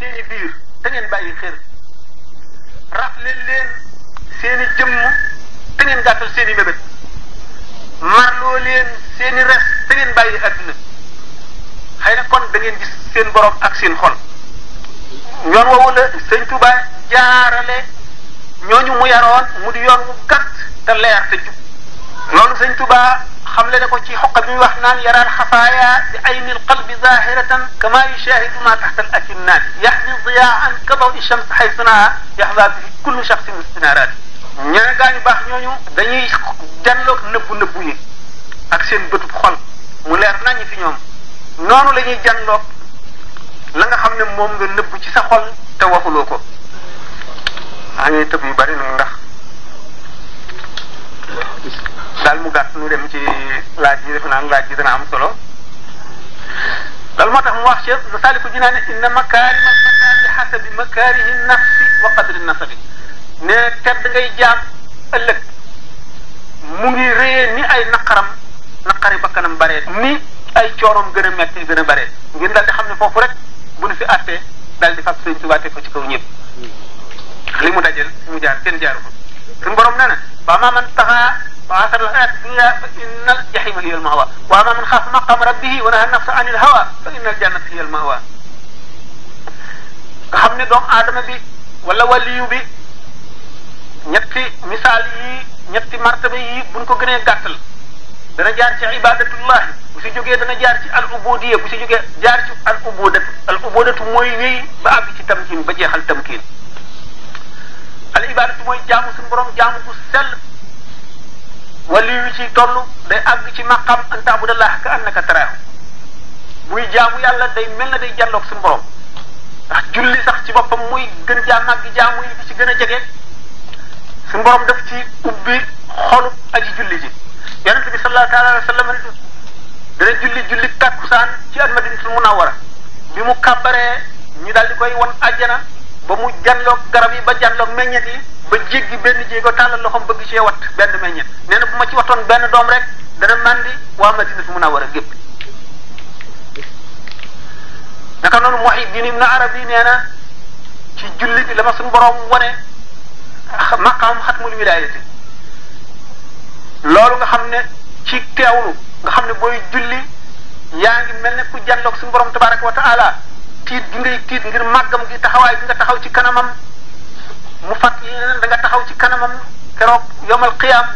seeni biir te ngeen bàyyi xel rafle leen seeni jëmm te ngeen gàttal seeni mébét marloo leen seeni res te ngeen bàyyi àdduna xëy na kon gis seen borom ak seen xol yoon woowu la sëñ Tuba jaarale ñooñu mu yaroon mu di yoon wu gàtt te leer te jub loolu sëñ Tuba xamle na ko ci xoqa bi ñu wax naan yaraan xafaaya bi aynil qalbi zahiratan kama yu ma taxta al akinnat yahdi diyaan ka daw i shams xaysunaa yaxda bi kullu shaxsin istinaaraat ñaa gaañu baax ñooñu dañuy janloog nëbbu nëbbu yi ak seen bëtub xol mu leer nañu fi ñoom noonu la ñuy janloog la nga xam ne moom nga nëbbu ci sa xol te waxuloo ko. maa ngi tëb yu bari nag ndax. daal mu gàtt ñu dem ci laaj yi defe naan laaj yi dana am solo dal moo tax mu wax Cheikh Saaliku Jinaane inna makaarima al-fataah bi hasabi makaarihi nafsi wa qadri nasabi ne tedd ngay jaam ëllëg mu ngi réyee ni ay naqaram naqari bakkanam bare ni ay cooroom gën a metti gën a bare ngir daal di xam ne foofu rek bu nu fi àttee daal di fab sëñ Tuubaa ci kaw ñëpp li mu dajal mu jaar kenn jaaru suñu borom nee na wa ma man taxa wa asara al hayata dunya fa inna al jahima hiya al mahwa wa ma man xaafa maqama rabbihi wa naha nafsa anil hawa fa inna al jannata hiya al mahwa nga xam ne doomu aadama bi wala waliyu bi ñetti misaal yi ñetti martaba yi buñ ko gënee gàttal dana jaar ci ibadatullah bu si jógee dana jaar ci al ubudiya bu si jógee jaar ci al ubudatu al ubudatu mooy wéy ba àgg ci tamkin ba jeexal tamkin al ibadatu mooy jaamu suñu borom jaamu bu sell wali wi ci toll day àgg ci maqam an taabudallah ka annaka taraahu muy jaamu yàlla day mel na day jàlloog suñu borom julli sax ci boppam muy gën jaa màgg jaamu yi bi ci gën a jege suñu daf ci ubbi xolu aji julli ji yonent bi sallallahu alayhi wa sallam dana julli julli takkusaan ci al madinatul munawwara bi mu kàbbaree ñu daal di koy wan àjjana ba mu janloog garab yi ba janloog meññet yi ba jéggi benn jéego tàllal loxoom bëgg cee wat benn meññet nee bu ma ci watoon benn doom rek dana màndi waa Madinatu Munawwara gépp naka noonu Muhyiddin Ibn Arabi nee na ci julli bi la ma suñu borom wane maqaam xatmul wilaayati loolu nga xam ne ci teewlu nga xam ne booy julli yaa ngi mel ne ku janloog suñu borom tabaraka wa tiit gi ngay tiit ngir màggam gi taxawaay bi nga taxaw ci kanamam mu fàttali leen da nga taxaw ci kanamam keroog yomal xiyaam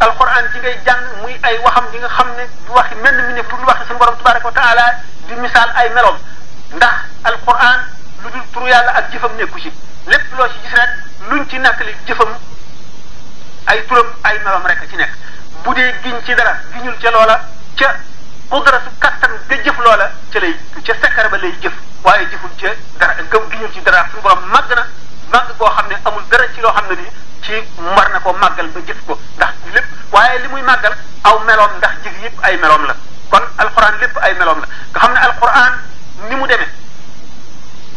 alquran ji ngay jàng muy ay waxam ji nga xam ne du waxi mel ni ne pour waxi suñu borom tabaraka wa taala di misaal ay meloom ndax alquran lu dul turu yàlla ak jëfam nekku ci lépp loo ci gis rek luñ ci nakk li jëfam ay turam ay meloom rek ci nekk bu dee giñ ci dara giñul ca loola ca. qudratu kattan ga jëf loola ca lay ca sekkar ba lay jëf waaye jëful ca dara gëm giñul ci dara suñu borom màgg na màgg koo xam ne amul dara ci loo xam ne nii ci war na ko màggal ba jëf ko ndax lépp waaye li muy màggal aw meloom ndax jëf yëpp ay meloom la kon alquran lépp ay meloom la nga xam ne alquran ni mu demee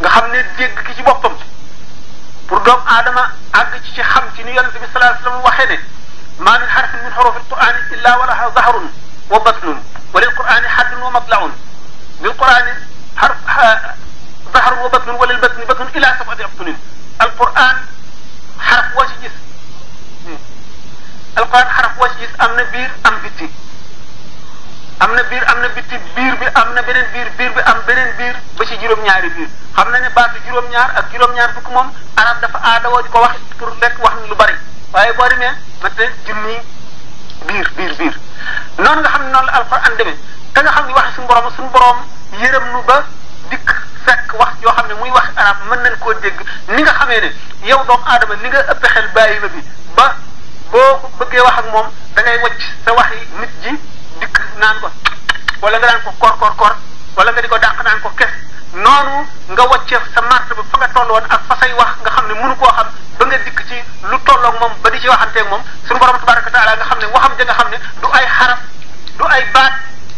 nga xam ne dégg ki ci boppam pour doomu aadama àgg ci ci xam ci ni yonente bi sallallahu alayhi wasallam waxee ne maa min harfin min hurufil qur'ani illa wa laha zahrun wa walil qur'ani haddun wa matla'un lil qur'ani har zahrun wa batnun walil batni batnun ila sab'ati abtunin alquran xaraf woo ci gis alquran xaraf woo ci gis am na biir am bitti am na biir am na bitti biir bi am na beneen biir biir bi am beneen biir ba ci juróom-ñaari biir xam na ne baatu juróom-ñaar ak juróom-ñaar fukk moom arab dafa aadawoo di ko wax pour lekk wax ni lu bari waaye boo demee ba tey junni biir biir biir noonu nga xam ne noonu la alquran demee te nga xam ne wax suñu borom suñu borom yërëm nu ba dikk fekk wax yoo xam ne muy wax arab mën nañ koo dégg ni nga xamee ne yow doomu aadama ni nga ëpp xel bàyyi ma bi ba boo ko bëggee wax ak moom da ngay wacc sa wax yi nit ji dikk naan ko wala nga daan ko kor kor kor wala nga di ko dàq naan ko kes noonu nga wàcce sa marché ba fa nga toll woon ak fa say wax nga xam ne mënu koo xam ba nga dikk ci lu tolloog moom ba di ci waxanteeg moom suñu borom tabaraka taala nga xam ne waxam ja nga xam ne du ay xaraf du ay baat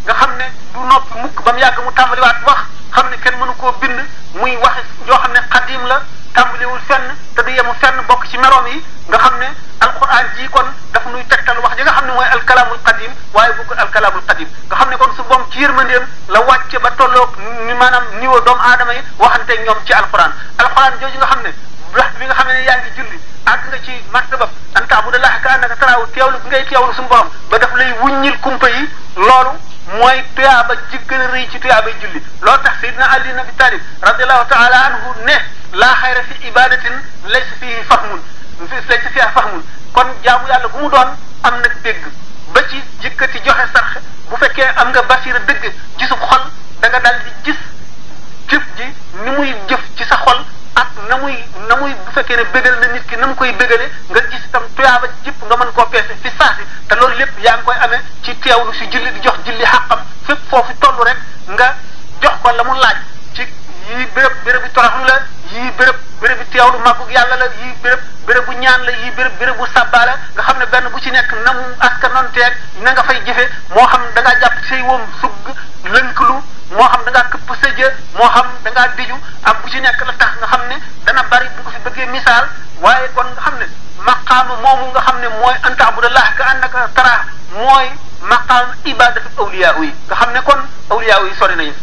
nga xam ne du noppi mukk ba mu yàgg mu tàmbaliwaat wax xam ne kenn mënu koo bind muy wax yoo xam ne xadim la tàmbaliwul fenn te du yemu fenn bokk ci meroom yi nga xam ne alquran jii kon dafa nuy tegtal wax ji nga xam ne mooy alkalaamul qadim waaye bukkul alkalaamul qadim nga xam ne kon su boom ci yërmandeem la wàcce ba tolloog ni maanaam niveau doomu aadama yi waxante ñoom ci alquran alquran jooju nga xam ne bi nga xam ne yaa ngi julli àgg nga ci martaba an ta'budallaha ka annaka taraahu teewlu bi ngay teewlu suñu borom ba daf lay wuññil kumpa yi loolu mooy tuyaaba ji gën a ci tuyaabay jullit loo tax sayyidina ali ibn abi talib radiallahu taala anhu ne laa xayra fi ibadatin laysa fihi fahmun laysa fiha fahmun kon jaamu yàlla bu mu doon am na dégg ba ci jëkkati joxe sarx bu fekkee am nga basira dëgg gisu xol danga dal daal di gis jëf ji ni muy jëf ci sa xol na muy na muy bu fekkee ne bégal na nit ki na mu koy bégale nga gis itam tuyaaba jëpp nga mën koo peese fi saasi te loolu lépp yaa ngi koy amee ci teewlu si julli di jox julli xàqam fépp foofu toll rek nga jox ko la mu laaj ci yii béréb bérébu toroxlu la yii béréb bérébu teewlu màggug yàlla la yii béréb bérébu ñaan la yii béréb bérébu sàbbaa la nga xam ne benn bu ci nekk na mu askanonteeg na nga fay jëfe moo xam dangaa ngaa jàpp say woom sugg lënkalu moo xam da ngaa këpp sa moo xam da ngaa diju ak bu nekk la tax nga xam ne dana bari bu ko fi bëggee misaal waaye kon nga xam ne ma maqaama moomu nga xam ne mooy an taabudallah ka annaka tara mooy maqaam ibadatu awliyaa yi nga xam ne kon awliyaa yi sori nañu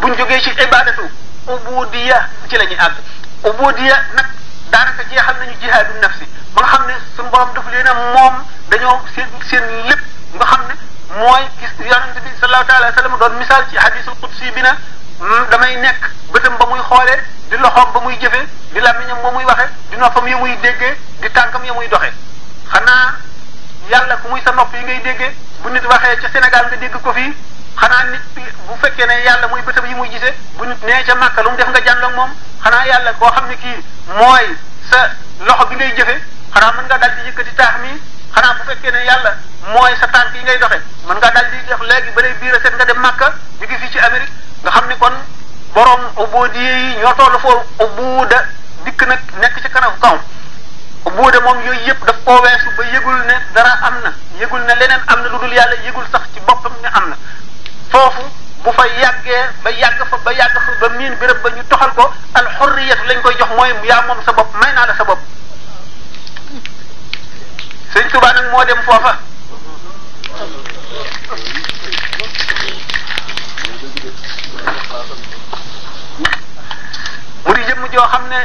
buñ jógee ci ibadatu ubudiya ci la ñuy àgg ubudiya nag daanaka jeexal nañu jihaadu nafsi ba nga xam ne suñu borom daf leen moom dañoo seen seen lépp nga xam ne mooy gis yonent bi sallallahu taala wa sallam doon misaal ci hadisul qudsi bi na hmm, damay nekk bëtam ba muy xoolee di loxoom ba muy jëfee di làmmiñam ba muy waxe di noppam ya muy déggee di tànkam ya muy doxe xanaa yàlla ku muy sa nopp yi ngay déggee bu nit waxee ca Sénégal nga dégg ko fii xanaa nit bu fekkee ne yàlla mooy bëtam yi muy gisee bu nit nee ca Màkka lu mu def nga jàndoog moom xanaa yàlla koo xam ne kii mooy sa loxo bi ngay jëfe xanaa mën nga dal di yëkkati taax mi xanaa bu fekkee ne yàlla mooy sa tànk yi ngay doxe mën nga daal di def léegi ba lay biir a set nga dem Makka ñu ngi fii ci Amérique nga xam ni kon borom ubboodi yi ñoo toll foofu ubbuuda dikk nag nekk ci kanam kaw ubbuuda moom yooyu yëpp daf koo weesu ba ne dara am na yëgul ne leneen am na lu dul yàlla yëgul sax ci boppam ne am foofu bu fa yàggee ba yàgg fa ba yàgg fa ba miin ba ñu toxal ko al xurriyatu lañ koy jox mooy yaa moom sa bopp may naa la sa bopp sëñ Tuba nag moo dem foofa mu di jëmm joo xam ne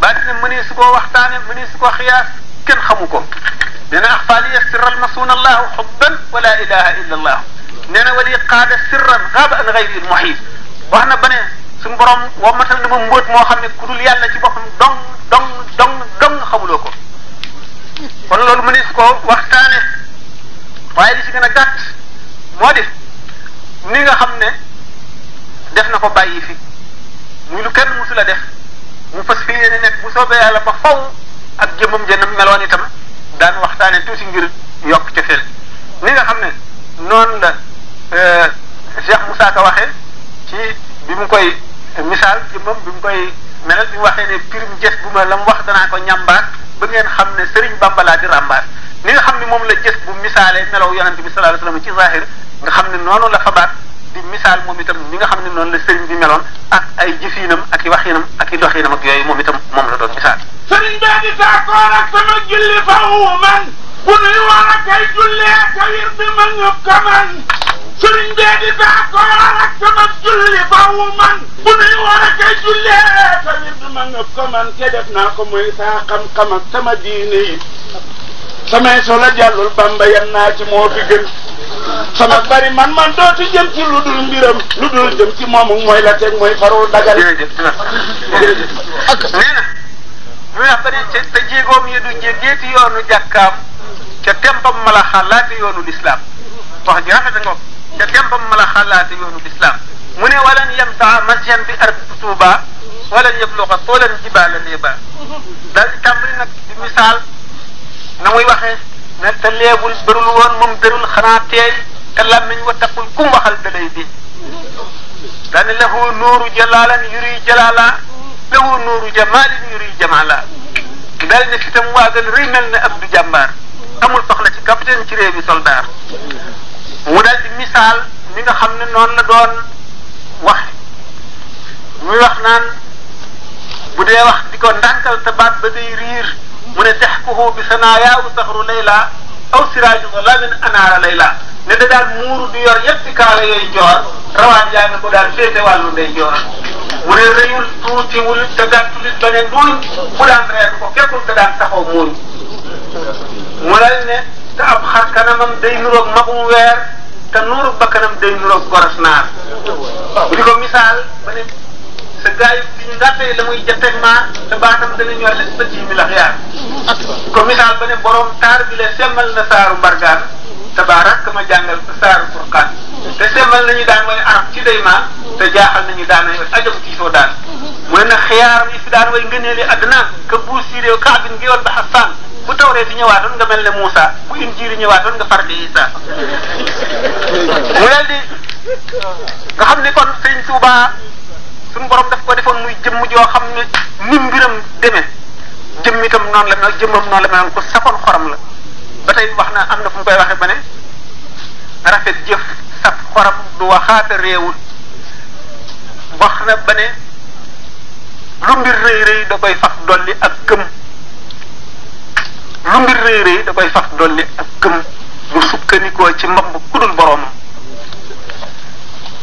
baat ne mënee su ko waxtaane mënee su ko xiyaas kenn xamu ko nee na axfaaliya sirran masuuna allahu xubban illa allah nee na wali qaada sirran xaaba an gayri muhit wax na ba ne suñu borom wamatal na ma mbóot moo xam ne ku dul yàlla ci boppam dong dong dong dong xamuloo ko kon loolu mu nis ko waxtaane waaye li ci gën gàtt moo di ni nga xam ne def na ko bàyyi fi muy lu kenn musu la def mu fas fi yéene nekk bu soobee yàlla ba faw ak jëmmam jënam meloon itam daan waxtaane tuuti ngir yokk ca fel nga xam ne noonu la euh, Cheikh Moussa Ka waxee ci bi mu koy misaal jëmmam bi mu koy melal bi mu waxee ne pirim jës bu ma la mu wax danaa ko ñambaat ba ngeen xam ne Sëriñ Bamba laa di ràmbaas ni nga xam ne moom la jës bu misaale melaw yonante bi sallallahu nga xam ne noonu la fabaat di misaal moom itam ni nga xam ne noonu la sëriñ bi meloon ak ay jëfiinam ak i waxinam ak i doxinam ak yooyu moom itam moom la doon misaal sëriñ bee di d'accord ak sama julli fawu man bu nuy war a kay jullee ka wir bi ma ñëpp ka man sëriñ bee di d'accord ak sama julli fawu man bu nuy war a kay jullee du ma nëb man te def naa ko muy saa xam-xam samay solo jàllul bamba yan moo fi gën bari man man dootu jëm lu dul mbiram lu dul jëm ci moomu mooy la teg mooy farul dagal. jërëjëf jërëjëf ak nee na ñu ne ba ne te jéegoom yi du jégeeti ca tempam malaxa laata yoonu lislaam wax ji rafet te tempam ma la xalaate yoonu lislaam mu ne walan yamsaa masjan bi ar tuuba walan yabluqa toolan jibaala léeba daal di tàmbali a misaal na muy waxee ne te leebul bërul woon moom bërul xanaa teey te làmmiñ wa taqul kum waxal dalay bi daane lahu nuuru jalaalan yuri jalaala lahu nuuru jamaalin yuri jamaala daal ne si tam waagal rëy mel ne ab du jàmbaar amul soxla ci capitaine ci réew bi soldaar mu daal di misaal ni nga xam ne noonu la doon wax muy wax naan bu dee wax di ko ndànkal te baat ba day riir mu ne texkuhu bi sanaayaa saxru layla aw siraaju zalaamin anaara layla ne da daan di yor yépp kaala yooyu joor rawaan yaa ngi ko daan ne rëyul tuutiwul te daan tulit ba ne duuñ bu daan reer ko képpul te daan taxaw muuñ ne te ab xar kanamam day ma magum weer te nuuru bakkanam day nuroog goras naar bu ko misaal ba ne sa gaayu bi ñu ngàttee la muy janteeg maar te baatam dana ñor leen ba ci mi lax yaar di ko misaal ba ne borom semmal na saaru mbargaan tabaarak ma jàngal saaru furqaan te semmal nañu daan way arab ci day maa te jaaxal nañu daan way ajab ci soo daan ka buur siiréew kaabin ngi ba xasaan bu tawree di ñëwaatoon nga mel ne Moussa bu injiil ñëwaatoon nga far di Isa mu leen nga xam ne kon sëñ Touba suñu borom daf ko defoon muy jëmm joo xam ne ni mbiram demee jëmm itam noonu la mel jëmmam noonu la meloon ko sakoon xorom la ba tey wax na am na fu mu koy waxee ba ne rafet jëf saf xorom du waxaata réewul wax na ba ne lu mbir rëy rëy da koy faf dolli ak gëm lu mbir rëy rëy da koy faf dolli ak gëm mu sukkandikoo ci mbam bu kudul boroomam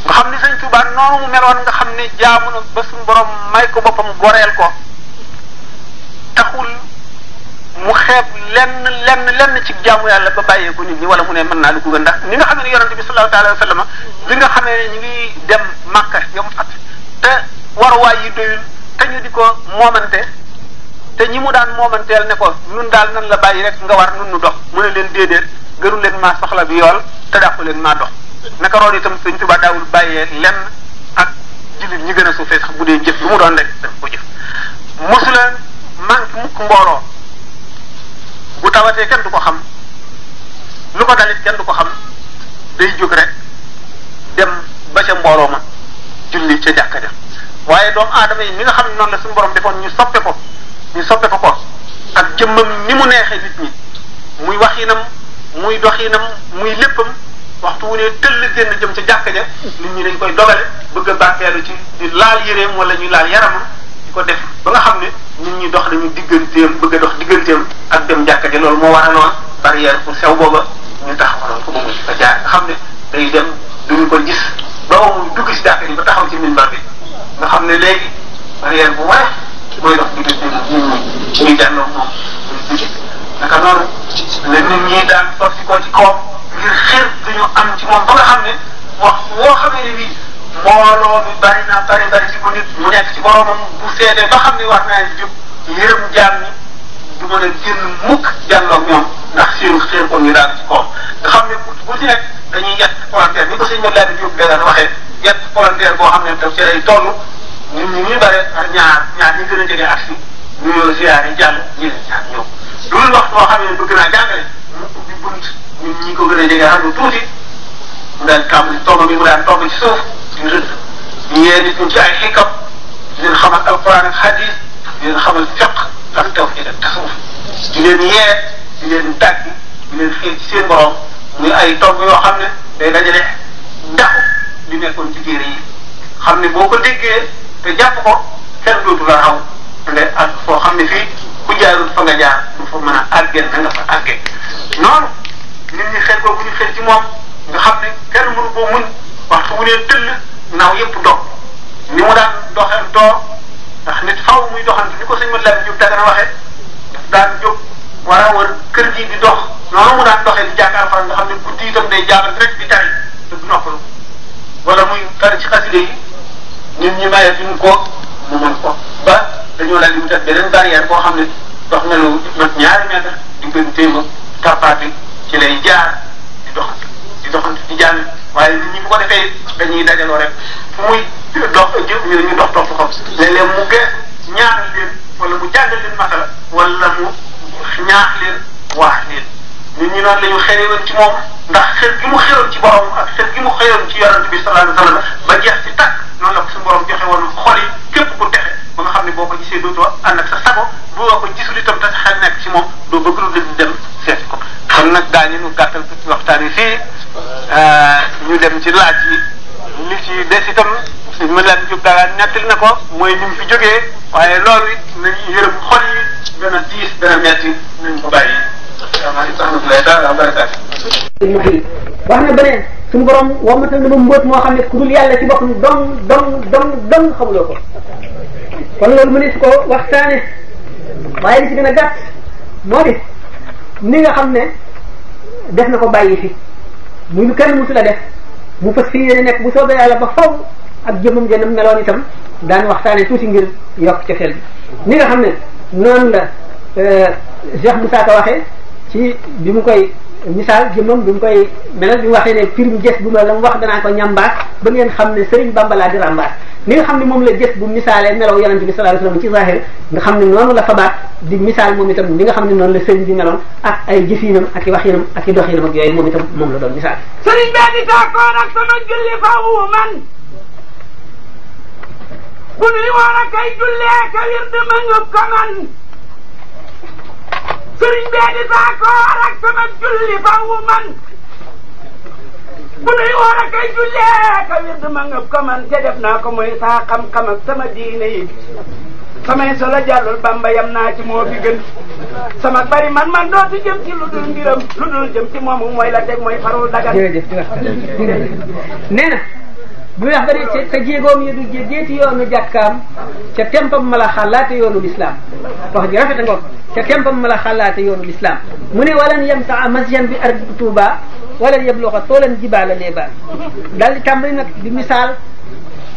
nga xam ni sëñ Tuubaa noonu mu meloon nga xam ni jaamu na ba borom may boppam goreel ko taxul mu xeeb lenn lenn lenn ci jaamu yàlla ba bàyyeeku nit ñi wala mu ne mën naa lu ko ndax ni nga xam ne yonente bi sallallahu alayhi wa sallam bi nga xamee ne ñu ngi dem Màkka yom at te waruwaay yi doyul te ñu di ko moomante te ñi mu daan moomanteel ne ko nun daal nan la bàyyi rek nga war nun nu dox mu ne leen déedéet gënu leen maa soxla bi yool te dàqu leen maa dox naka roon itam sëñ Tuubaa daawul bàyyee lenn ak jullit ñi gën a suufee bu dee jëf lu mu doon rek daf ko jëf mosula manque mukk mbooloo bu tawatee kenn du ko xam lu ko dalit kenn du ko xam day jóg rek dem ba ca mbooloo ma julli ca jàkka ja waaye doomu aadama yi mi nga xam ne noonu la suñu borom defoon ñu soppe ko ñu soppeeku ko ko ak jëmmam ni mu neexee nit ñi muy waxinam muy doxinam muy léppam waxtu wu ne tëll génn jëm ca jàkka ja nit ñi dañ koy dogale bëgg a bàkkeelu ci di laal yéreem wala ñuy laal yaram di ko def ba nga xam ne nit ñi dox dañu digganteem bëgg a dox digganteem ak dem jàkka ja loolu moo waraloon barrière pour sew booba ñu tax ko ba mu xam ne day dem duñ ko gis ba amul dugg si jàkka ji ba taxaw ci minbar bi nga xam ne léegi barrière bu waay mooy dox diggante nit ñi ñuy jàlloon moom muy jóge naka noonu la nit ñi daan ci kawam ngir xir bi am ci moom ba nga xam ne wax woo xamee ne bii mbooloo mi bari na bari bari ci ko nit mu nekk ci boromam bu seetee ba xam ne wax naa jub yërëm jaam ñi du mën a génn mukk jàlloon ñoom ndax seen xir ko ñu daan ci kawam nga xam ne bu ci nekk dañuy yett palanteer ni ko sëñ Mawlana Diop Dada waxee yett palanteer boo xam ne daf ci lay ñun ñu ñuy bare ak ñaar ñaar ñu gën a jege ak si ñu ñëw ziare jàll ñu ne ñaar ñëw loolu wax boo xam ne bëgg naa jàngale mu ubbi bunt ñun ñi ko gën a jege xam lu tuuti mu daan tàmbali togg bi mu daan togg ci suuf di rëdd ñu yee nit ñi ci ay xikam di leen xamal alquran ak hadis di leen xamal fiq ak tawhid ak tasawuf di leen yee di leen dàgg di leen xiir ci seen borom muy ay togg yoo xam ne day dajale ndax li nekkoon ci téere yi xam ne boo ko déggee te jàpp ko seet dootu la raw ne ak foo xam ne fii ku jaarul fa nga jaar du fa mën a àggeen na nga fa àggee nu nit ñi xel boobu ñu xel ci moom nga xam ne kenn mënu koo muñ waxtu wu ne tëll naaw yëpp dox ni mu daan doxantoo ndax nit faw muy doxante ni ko sëñ Mate Labi Diop dagg na waxee daf daan jóg war a war kër gi di dox noonu mu daan doxee di jàkkaar fan nga xam ne guddi itam day jaaban rek di tari te du noppalu wala muy tari ci xaside yi ñi ñu bàyyi suñu ko mu mën ko ba dañoo la di mu def beneen barrière boo xam ne dox na lu mat ñaari mètre di gën téema tappaati ci lay jaar di doxante di doxante di jàng waaye nit ñi bu ko defee dañuy dajaloo rek fu muy dox jëf ñu ñu dox topp ko léeg mu gees ñaax leen wala mu jàngal leen masala wala mu ñaax leen waax leen nit ñi noonu la ñu xëy woon ci moom ndax xër gi mu xëroon ci borom ak xër gi mu xëroon ci yonent bi sallallahu alayhi wa sallam ba jeex ci tàkk noonu la ko suñu borom joxe woon xol yi képp ku texe ba nga xam ne boo ko gisee dootoo ànd ak sa sago boo ko gisul itam te xel nekk ci moom doo bëgg lu dul dem seet ko. kon nag daañu ñu gàttal ko ci waxtaan yi fii euh, ñu dem ci laaj yi li ci des itam suñu mën laan jub dara nettali na ko mooy ni mu fi jógee waaye loolu it nañu yërëm xol yi dana diis dana metti nañ ko bàyyi. wax na beneen suñu borom wammatal na ma mbóot moo xam ne ku dul yàlla ci boppam dong dong dong dong xamuloo ko kon loolu mu ne su ko waxtaane waaye li ci gën a gàtt moo di ni nga xam ne def na ko bàyyi fi muy lu kenn musu la def mu fas fi yéene nekk bu soobee yàlla ba faw ak jëmmam jënam meloon itam daan waxtaane tuuti ngir yokk ca xel bi ni nga xam ne noonu la euh, Cheikh Moussa Ka waxee ci bi mu koy misaal jëmmam bi mu koy melal bi mu waxee ne firim jës bu ma la mu wax danaa ko ñambaas ba ngeen xam ne sëriñ Bamba laa di rambaas ni nga xam ne moom la jës bu misaalee melaw yonent bi sallallahu alayhi ci zahir nga xam ne noonu la fabaat di misaal moom itam ni nga xam ne noonu la sëriñ bi meloon ak ay jëfinam ak i waxinam ak i doxinam ak yooyu moom itam moom la doon misaal sëriñ bee di taakoor ak sama julli faawu man bu nuy a sëriñ bee di d'accord ak sama julli fawu man bu nuy woor ak ay jullee ka wird ma nga ko man te def naa ko mooy saa xam-xam ak sama diine yi samay solo jàllul bamba yam naa ci moo fi gën sama bari man man dootu jëm ci lu dul mbiram lu dul jëm ci moomu mooy la teg mooy farul dagal nee buy wax ba de te jéegoom yi du jéeti yoonu jàkkaam ca tempam ma la xalaate yoonu lislaam wax ji rafet nga ca tempam ma la xalaate yoonu lislaam mu ne walan yem taa masyan bi ardi tuuba walan yabluxa toolan jibaala leebaan daal di tàmbali nag di misaal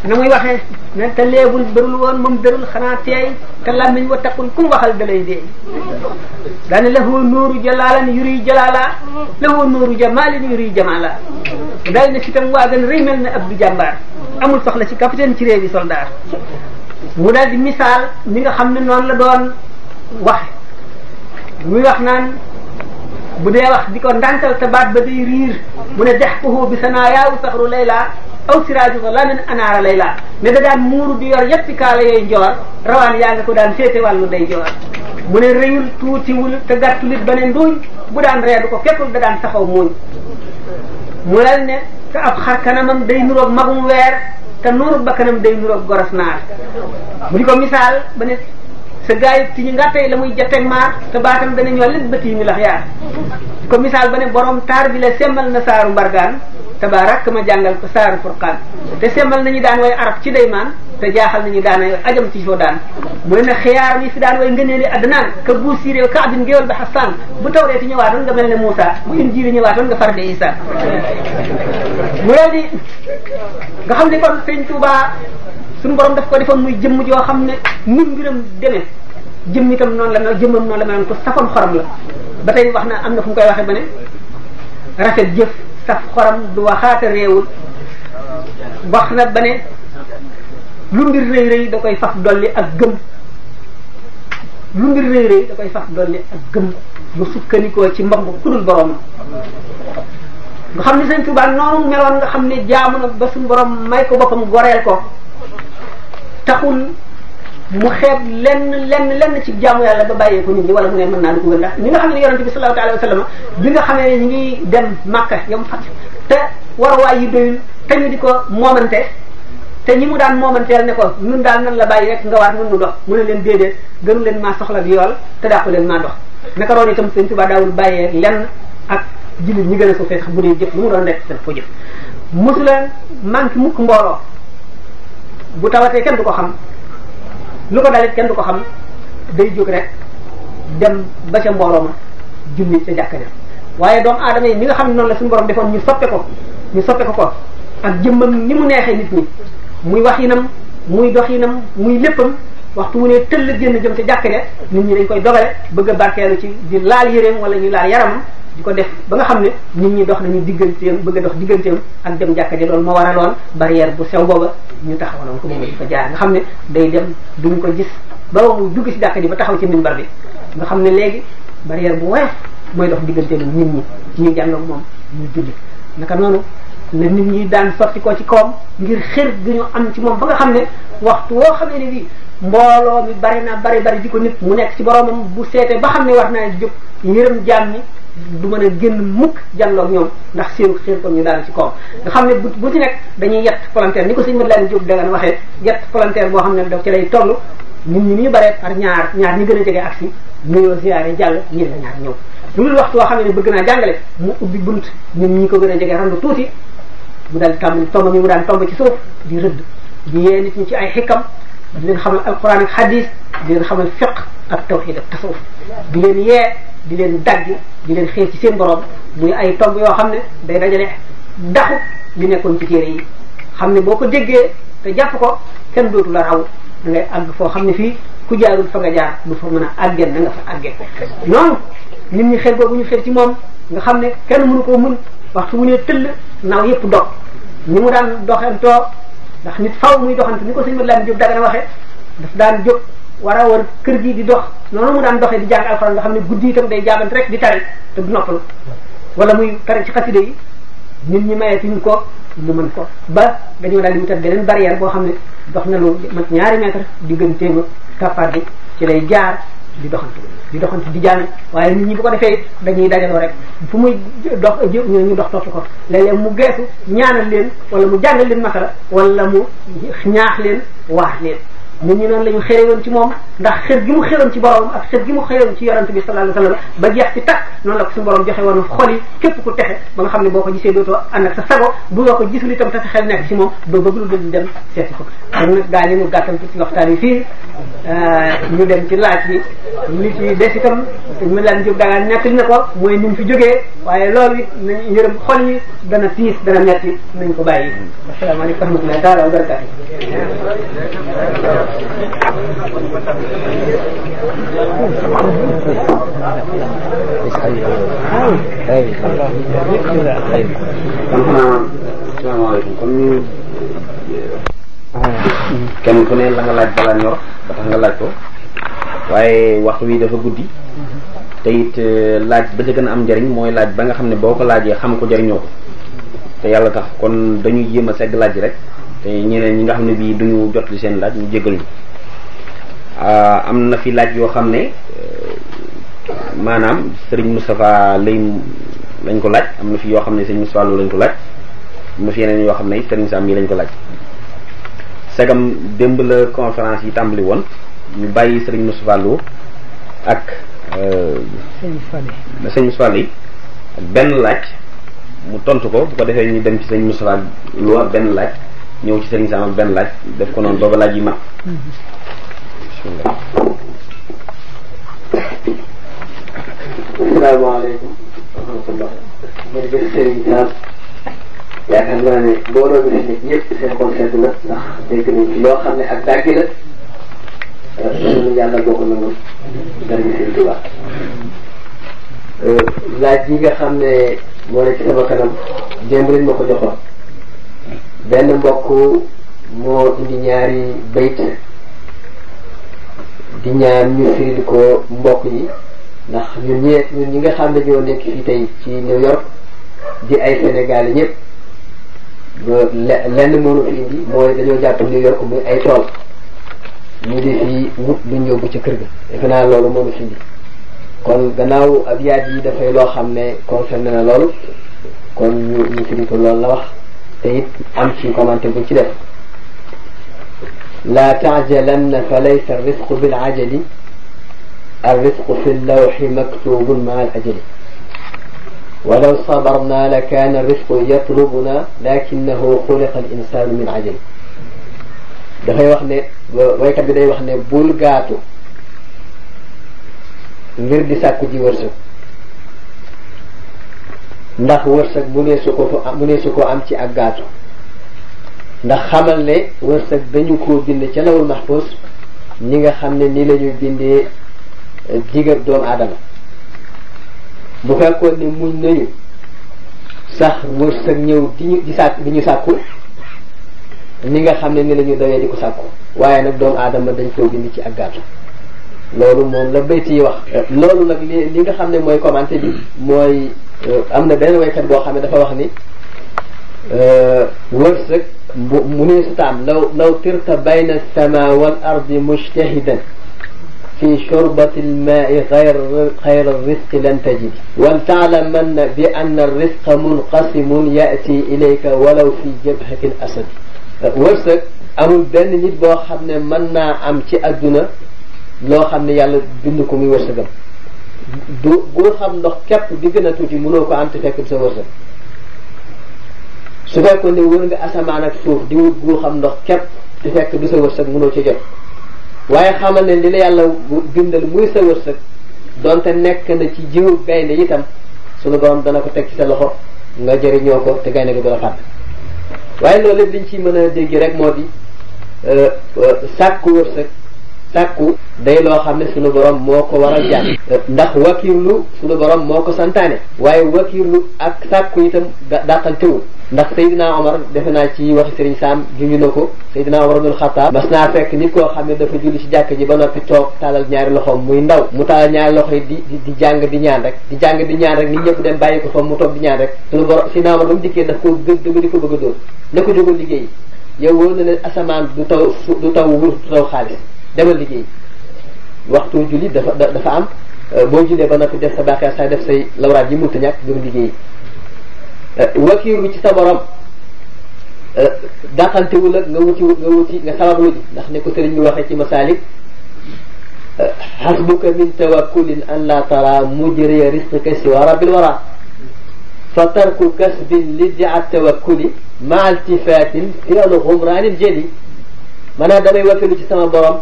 na muy waxee ne te léebul dërul woon moom dërul xanaa teey te làmmiñ wa taqul kum waxal dalay dee daane lahu nuuru jalaalan yuri jalaala lahu nuuru jamaalin yuri jamaala daal ne si tam waa gën rëy mel ne ab du jàmbaar amul soxla ci capitaine ci réew yi soldat mu daal di misaal mi nga xam ne noonu la doon wax muy wax naan bu dee wax di ko ndantal te baat ba day riir mu ne dex ko bi sanaayaa u saxru layla aw siraaju ko lanen anaara layla ne da daan muuru di yor yetti kaala yooyu njoor rawaan yaa nga ko daan féete wàllu day joor mu ne rëyul tuutiwul te gàttulit ba ne nduuñ bu daan reedu ko kekkul da daan taxaw muuñ mu lal ne te ab xar kanamam day nuroog magum weer te nuuru bakkanam day nuroog goros naar mu di ko misaal ba sa gaay yi ñu ngàttee la muy jatteeg maar te baatam dana ñollit bët yi ñu lax yaar ko misaal ba ne borom taar bi la semmal na saaru mbargaan tabaarak ma jàngal ko saaru furqaan te semmal nañu daan way arab ci daymaan te jaaxal nañu daan way ajam ci jodaan mu ne xiyaar yi fi daan way ngëneeli adnaan ka buu siréew ka abin géwal ba xasaan bu tawreeti ñëwaatoon nga mel ne Muusa bu injiili ñëwaatoon nga farde Isa mu leen di nga xam ne kon ko defoon muy joo xam ne ni mbiram demee jëm itam noonu la mel jëmmam noonu la meloon ko safoon xorom la ba tey wax na am na fu mu koy waxee ba ne rafet jëf saf xorom du waxaata réewul wax na ba ne lu mbir rëy rëy da koy faf dolli ak gëm lu mbir rëy rëy da koy faf dolli ak sukkandikoo ci mbamb kudul borom nga xam ne sëñ Tuubaa noonu meloon nga xam ne jaamu na ba suñu borom may ko boppam goreel ko taxul mu xeeb lenn lenn lenn ci jaamu yàlla ba bàyyee ko nit ñi wala mu ne mën naa lu ko gën ndax ñi nga xam ne yonente bi sallallahu alayhi wa sallam bi nga xamee ne ñu ngi dem Makka yom fat te waruwaay yi doyul te ñu di ko moomante te ñi mu daan moomanteel ne ko ñun daan nan la bàyyi rek nga waat nun nu dox mu ne leen déedéet gënu leen maa soxla bi yool te daa ko leen maa dox naka roon itam seen Tuubaa daawul bàyyee lenn ak jullit ñi gën a ko feex bu dee jëf lu mu doon rek daf ko jëf mosula manque mukk mbooloo bu tawatee kenn du ko xam lu ko dalit kenn du ko xam day jóg rek dem ba ca mbooloo ma julli ca jàkka ja waaye doomu aadama yi ni nga xam noon la suñu borom defoon ñu soppe ko ñu soppe ko ko ak jëmmam ni mu neexee nit ñi muy waxinam muy doxinam muy léppam waxtu mu ne tëll génn jëm ca jàkk ja nit ñi dañ koy dogale bëgg a barkeelu ci di laal yéreem wala ñuy laal yaramam di ko def ba nga xam ne nit ñi dox nañu digganteem bëgg a dox digganteem ak dem jàkk ja loolu moo waraloon barrière bu sew booba ñu taxawaloon ko moom di fa jaar nga xam ne day dem duñ ko gis ba mu dugg ci jàkk di ba taxaw ci bar bi nga xam ne léegi barrière bu woyof mooy dox digganteem nit ñi ñu jàng moom ñu julli naka noonu la nit ñi daan sotti ko ci kawam ngir xër gi ñu am ci moom ba nga xam ne waxtu woo xam ne ni mbooloo mi bari naa bari bari ji ko nit mu nekk ci boromam bu seetee ba xam ne wax naa jóg yërëm jaam ñi du mën a génn mukk jàlloog ñoom ndax séeru xéer kon ñu daal ci kawam nga xam ne bu bu ci nekk dañuy yett volontaire ni ko sëñ Madeleine Diop dagan waxee yett volontaire boo xam ne daf ci lay toll nit ñi ñu bare par ñaar ñaar ñi gën a jege ak si nuyoo ziyaare jàll ñi la ñaar ñëw lu dul waxtu woo xam ne bëgg naa jàngale mu ubbi bunt ñu ñu ko gën a jege randu tuuti mu daal tàmbali tomb ñu mu daan tomb ci suuf di rëdd di yee nit ñi ci ay xikam di leen xamal alquran ak xadis di leen xamal fiq ak tawxid ak tasawuf di leen yee di leen dagg di leen xeer ci seen borom muy ay tomb yoo xam ne day dajale daxu li nekkoon ci téere yi xam ne boo ko déggee te jàpp ko kenn dootu la raw da ngay foo xam ne fii ku jaarul fa nga jaar du fa mën a àggeen na nga fa àggee noonu nit ñi xel boobu ñu xel ci moom nga xam ne kenn mënu koo mun waxtu mu ne tëll naaw yëpp dog ni mu daan too ndax nit faw muy doxante ni ko sëñ Madlaam Jóob Dagana waxee daf daan jóg war a war kër gi di dox noonu mu daan doxee di jàng alxuraan nga xam ne guddi itam day jaabante rek di tari te du noppalu wala muy tari ci xaside yi nit ñi mayatuñ ko mu mën ko ba dañoo daal di wutal beneen barrière boo xam ne dox na lu mat ñaari mètre digganteegu kàppaat bi ci lay jaar di doxantu di doxantu di jaane waaye nit ñi bu ko defee dañuy dajaloo rek fu muy dox ñu dox topp ko léeg-léeg mu geesu ñaanal leen wala mu jàngal leen masala wala mu ñaax leen waax leen nit ñi noonu la ñu xëre woon ci moom ndax xër gi mu xëroon ci borom ak xër gi mu xëroon ci yonante bi sallallahu alayhi wasallam ba jeex ci takk noonu la ko suñu borom joxe woon xol yi képp ku texe ba nga xam ne boo ko gisee dootoo ànd ak sa sago bu nga ko gisul itam te sa xel nekk ci moom doo bëgg lu dul dem seeti ko kon nag gaa ñi ñu ci waxtaan yi fii euh, ñu dem ci laaj bi li ci des itam mu laan jóg dangaa nettali na ko mooy ni mu fi jógee waaye loolu it nañ yërëm xol yi dana tiis dana metti nañ ko bàyyi asalaamaaleykum wa rahmatullahi taala wa barakatu salaamaaleykum comme ni kenn ku ne la nga laaj balaa ñor ba tax nga laaj ko waaye wax wii dafa guddi te laaj ba ca gën a am njariñ mooy laaj ba nga xam ne boo ko laajee xam ko jariñoo ko te yàlla tax kon dañuy jéem a segg laaj rek te ñeneen ñi nga xam ne bii duñu jot li seen laaj mu jégal ñu ah, am na fi laaj yoo xam ne euh, maanaam sëriñ Moustapha lay lañ ko laaj am na fi yoo xam ne Serigne Moustapha loolu lañ ko laaj am na yoo xam ne Serigne Sam yi lañ ko laaj sagam démb la conférence yi tàmbali woon ñu bàyyi Serigne Moustapha Lo ak Serigne euh, Moustapha yi ak benn laaj mu tontu ko bu ko defee ñu dem ci Serigne Moustapha Lo benn laaj ñëw ci sëriñ Sam benn laaj def ko noonu booba laaj yi mat salaamaaleykum wa rahmatullah jërëjëf sëriñ Sam yaakaar naa ne mbooloo mi nekk ñëpp seen xol sedd na ndax dégg nañ loo xam ne ak dàggi la ñu laaj yi nga xam ne moo nekk sama kanam démb lañ ma ko joxoon benn mbokk moo indi ñaari bayt di ñaan ñu firil ko mbokk yi ndax ñun ñee ñun ñi nga xam ne ñoo nekk fii tey ci New York di ay Sénégal ñëpp lenn mënu fi indi mooy dañoo jàpp New York muy ay tool ñu di fi wut lu ñëw bu ci kër gi defe naa loolu mënu fi indi kon gannaaw ab yaat yi dafay loo xam ne concerné na loolu kon ñu ñu firi ko loolu la wax te it am ci commenté buñ ci def laa taajalanna fa laysa arrisqu bil ajali arrisqu fi llawxi maktubun maa al ajali walaw sabarna la kaana arrisqu yatlubuna lakinahu xuliqa al insaanu min ajali dafay wax ne waykat bi day wax ne bul gaatu ngir di sàkku ji wërsëg ndax wërsëg mu ne su ko su ko am ci ak gaatu ndax xamal ne wërsëg dañu ko bind ca lawul maxfuus ñi nga xam ne ni lañuy ñuy bindee eh, digab doomu aadama bu fekkoon ne muñ nañu sax wërsëg ñëw di ñu di sàkk di ñu sàkku ni nga xam ne ni la ñu dawee di ko sàkku waaye nag doomu aadama dañ koo bind ci ak gaatu loolu moom la bayt yi wax loolu nag li li nga xam ne mooy commenté bi mooy euh, am na benn waykat boo xam ne dafa wax ni euh, wërsëg mu ne si taam law law tirta bayna sama wal ardi mujtahidan fi shurbati almaai xayr xayr risqi lan tajid wal taalamanna bi anna risqa munqasimun yati ilayka walaw fi jabhati al asad euh, wërsëg amul benn nit boo xam ne mën naa am ci adduna loo xam ne yàlla bind ko muy wërsëgam du bul xam ndox képp di gën a tuuti mënoo ko am te fekk sa wërsëg su fekkoon ne wër suuf di wut xam ndox képp di fekk du sa wërsëg mënoo ci jot waaye xamal ne li la yàlla bindal muy sa wërsëg donte nekk na ci jiwu gaynde itam sunu borom dana ko teg ci sa loxo nga jëriñoo ko te gaynde gi du la waaye loolu lépp liñ ci mën a dégg rek moo di euh, euh, sàkku wërsëg sàkku day loo xam ne sunu borom moo ko war a jàng ndax wakiirlu sunu borom moo ko santaane waaye wakiirlu ak sàkku itam dàqantewul ndax Seydina Omar defe naa ci waxi Serigne Sam juñu na ko Seydina Omar ibnul Xattaab mas naa fekk nit koo xam ne dafa julli ci jàkk ji ba noppi toog taalal ñaari loxoom muy ndaw mu taalal ñaari loxo yi di di jàng di ñaan rek di jàng di ñaan rek nit ñëpp dem bàyyi ko fa mu toog di ñaan rek sunu borom na Omar ba mu dikkee daf ko bëgg a dóor ko jógal liggéey yow wóor na ne asamaan du taw du demal liggéey waxtu julli dafa dafa am euh, boo jullee ba noppi def sa bàkkaar saa def say lawraat yi mënta ñàkk jëm liggéey euh, wakiiru ci sa borom euh, dàqantewul ak nga wuti nga wuti nga sabablu ji ndax ne ko sëriñ bi waxee ci masaalik hasbuka min tawakkulin an la tara mujriya risqika siwa rabbil wara fa tarku kasbin li dia tawakkuli ma iltifatin fi al xumraanil jëli maanaam damay wakkilu ci sama borom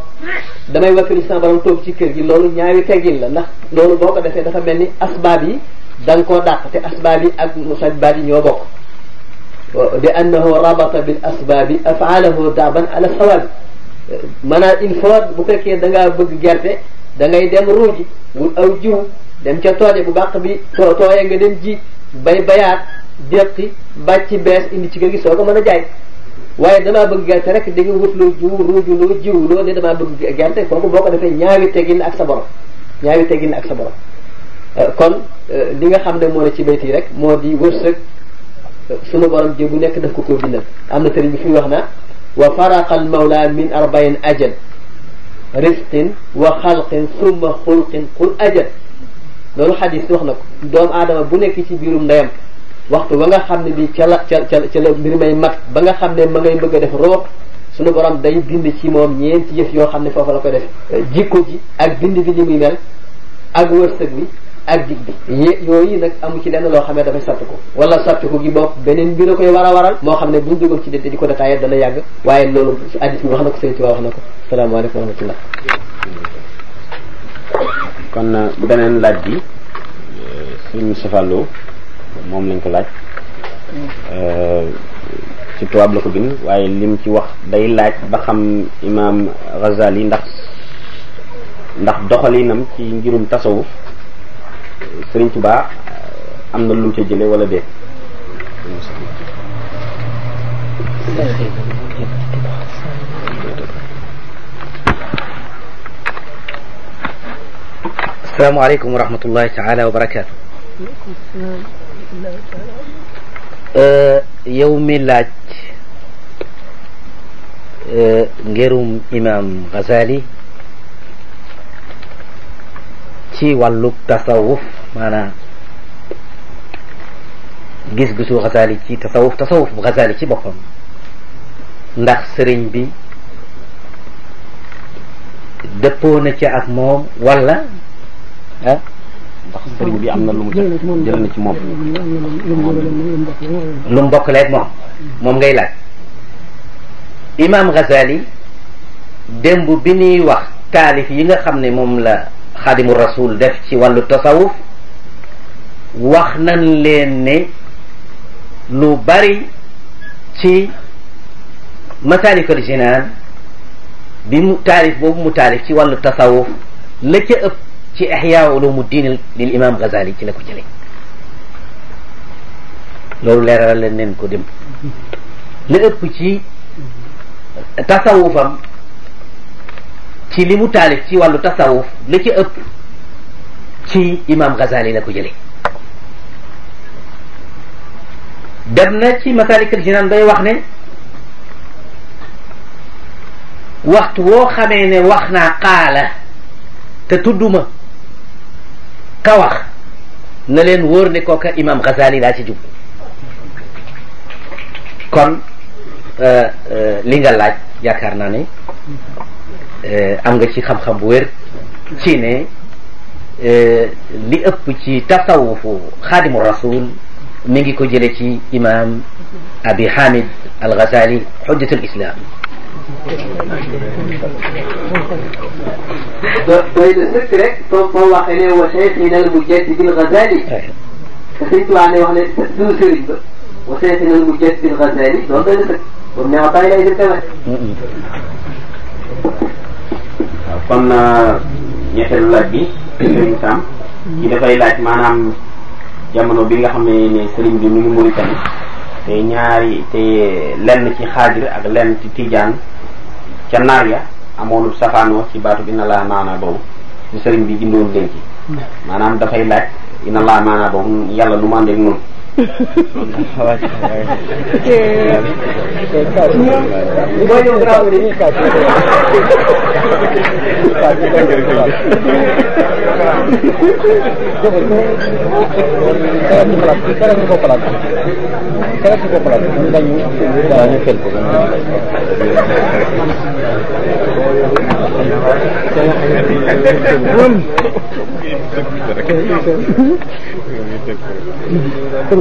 damay wakkilu ci sama toog ci kër gi loolu ñaari teggin la ndax loolu boo ko defee dafa mel ni asbaab yi da nga koo dàq te asbaab yi ak musabbaat yi ñoo bokk li annahu rabata bi asbaabi afaalahu daaban ala sawaabi maanaam il faut bu fekkee da bëgg gerte dangay ngay dem ruuji wut aw jiw dem ca toole bu baq bi too tooyee nga dem ji bay bayaat déqi bàcc bees indi ci kër gi soo mën a jaay waaye damaa bëgg gerte rek da nga wut loo jiw ruujuloo jiwloo damaa bëgg gerte kooku boo ko defee ñaawi teggin ak sa borom ñaawi teggin ak sa borom euh, kon euh, li nga xam ne moo ne ci bayt rek moo di wërsëg euh, sunu borom ji bu nekk daf ko koo bindal am na sëriñ bi fi wax na waa faraqa al mawla min arbain ajal risqin wa xalqin summa wax na ko doomu aadama bu nekk ci biirum ndeyam waxtu ba nga xam ne bi ca la ca ca la mbir may mag ba nga xam ne ma ngay bëgg a def root suñu borom day bind ci moom ñeenti yëf yoo xam ne foofu la ko def euh, jikko ji ak bind bi ni muy mel ak wërsëg bi ak dig bi yé yooyu nag amu ci lenn loo xam ne dafay sàtt ko wala sàtt ko gi bopp beneen mbir a koy war a waral moo xam ne buñ duggoon ci déedéet di ko détaillé dana yàgg waaye loolu ci addis mi wax na ko sëñ Tuubaa wax na ko salaamaaleykum wa rahmatullah kon euh, beneen laaj bi euh, sëñ moom lañ ko laaj euh, ci tubaab la ko bind waaye lim ci wax day laaj ba xam imaam Ghazali ndax ndax doxalinam ci ngirum tasawuf Sëriñ Tuubaa euh, am na lum mu ca jële wala déet asalaamaaleykum wa rahmatullahi taala yow mi laaj ngerum imam Ghazali ci wàllub tasawuf maanaam gis-gisu Ghazali ci tasawuf tasawuf bu Ghazali ci boppam ndax sëriñ bi dëppoo na ci ak moom wala ah, ndax sëriñ bi am na lu mu jël na ci moom lu mu bokk leeg moom moom ngay laaj imam Ghazali démb bi ñuy wax taalif yi nga xam ne moom la xaadimu rasul def ci wàllu tasawuf wax nañ leen ne lu bari ci masalikul jinaan bi mu taalif ci wàllu tasawuf la ca ëpp ci ihya ulumuddin lil imam Ghazali ci la ko jëlee loolu leeral leen leen ko dem li ëpp ci tasawufam ci li mu taalif ci wàllu tasawuf li ci ëpp ci imam Ghazali la ko jëlee dem na ci masalikal jinan bay wax ne waxtu woo xamee ne wax naa qaala te tudduma ka wax na leen wóor ne kooka imam Ghazali laa ci kon euh, euh, li nga yaakaar naa ne euh, am nga ci xam-xam bu wér ci ne li ëpp ci tasawufu xaadimu rasul mi ngi ko jële ci imam abi hamid al ghazali xujjatul islam doy na sëkk rek soo soo waxee ne wa cheikhina al mujaddid al Ghazali sëñ Tuubaa ne wax ne suñu sëriñ ba wa cheikhina al mujaddid al Ghazali loolu doy na sëkk comme ne waxtaan lay dëkk tamit. waaw kon euh, ñetteelu laaj bi. sëriñ Sam. ci dafay laaj maanaam jamono bi nga xam ne ne sëriñ bi mu ngi Mauritanie te ñaari te lenn ci xaadir ak lenn ci tijaan ca naar ya amoon safaanoo ci baatu bi inna laa maanaa boobu bu sëriñ bi bindoon léegi mm. maanaam dafay laaj inna laa maanaa boobu yàlla lu mu àndeeg noonu que voy a un grado de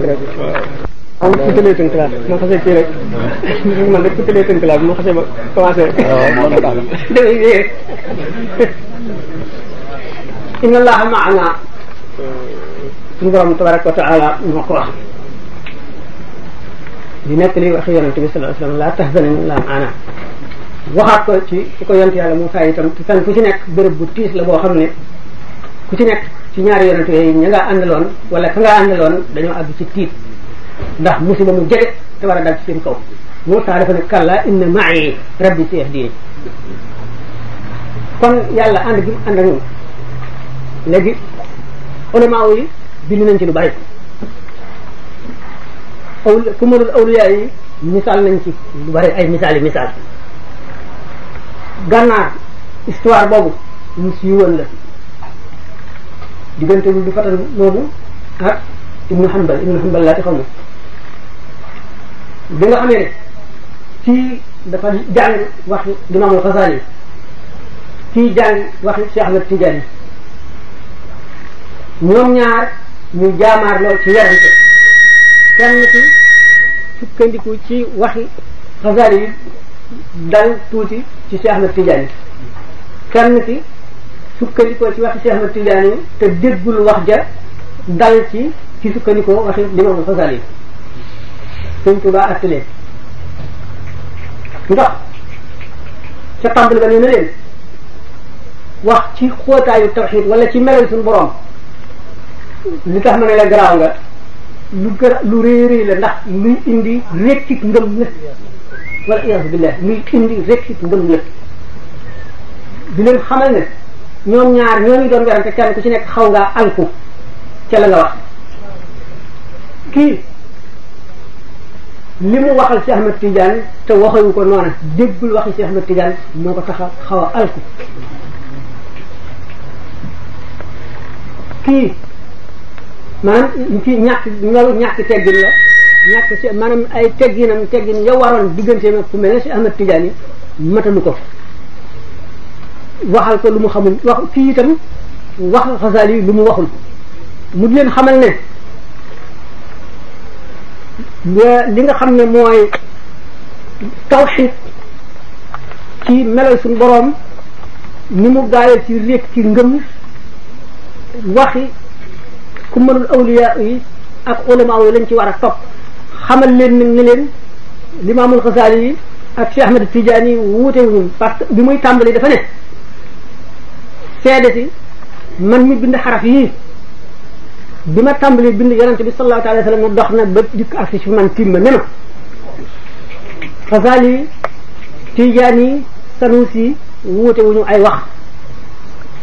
rek. waaw ku tëlee tënk laa ma xasee kii rek man rek ku tëlee tënk laa ma xasee ba commencé. inna allaha maana suñu borom tabaraka wa taala moo ko wax di nekk li wax yonente bi sallallahu alayhi wasallam la tahzan inna allaha maana waxaat ko ci ci ko yont yàlla Moussa itam te fenn fu ci nekk béréb bu tiis la boo xam ne ku ci nekk ci ñaari yonent yooyu ña nga àndaloon ka nga àndaloon dañoo àgg ci tiit ndax musiba mu jege te war a dal ci seen kaw Moussa dafa ne kalla inna ma'i rabbi sayahdin kon yàlla ànd gi mu ànd ak ñun léegi ulama yi bind nañ ci lu bari aw ku mënul awliya misaal nañ ci lu bari ay misaal yi misaal gànnaar histoire boobu ñu siiwoon la diggante bu fatal boobu ak ah, ibnu xambal ibnu xambal laa ci xaw ma bi nga xamee ne kii dafa jàng waxu imaamul xasaali kii jàng waxu Cheikh Ahmed Tidiane ñoom ñaar mu jaamaar lool ci werante ci sukkandiku ci waxi xasaali dal tuuti ci Cheikh Ahmed Tidiane kenn ci sukkandikoo ci waxi ci Ahmad Tidiane te déggul wax ja dal ci ci sukkandikoo waxi Limaamul Xasaali Sëñ Tuubaa attileen ndax ca tàmbali ba nee na leen wax ci xóotaayu tawxiid wala ci melal suñu borom li tax ma ne la garaaw lu gara lu la ndax luy indi rékkit ngëm la wala iyaasu billah luy indi rékkit ngëm la di leen xamal ne ñoom ñaar ñooñu doon werante kenn ku ci nekk xaw ngaa alku ca la nga wax kii li mu waxal ci Ahmed Tidiane te waxewu ko noona déggul waxi ci Ahmed Tidiane moo ko tax a xaw a alku kii maanaam ci ñàkk ñoo ñàkk teggin la ñàkk si maanaam ay tegginam teggin ya waroon diggante fu ku mel ne si Ahmed Tidiane yi matalu ko waxal ko lu mu xamul wax fii itam wax xasaal yi lu mu waxul mu di leen xamal ne li nga xam ne mooy tawxid ci melal suñu boroom ni mu gaawee ci réeg ci ngëm waxi ku mënul awliya yi ak ulama yi lañ ci war a topp xamal leen nag ne leen limaamul xasaali yi ak Cheikh Ahmed Tidiane yi wuute wuñu parce que bi muy tàmbali dafa ne seede si man mi bind xaraf yii bi ma tàmbali bind yonente bi sallallahu alayhi wa sallam dox na ba dikk agsi ci man timma ma xasaal yi tijaan yi sanuus yi wuute wuñu ay wax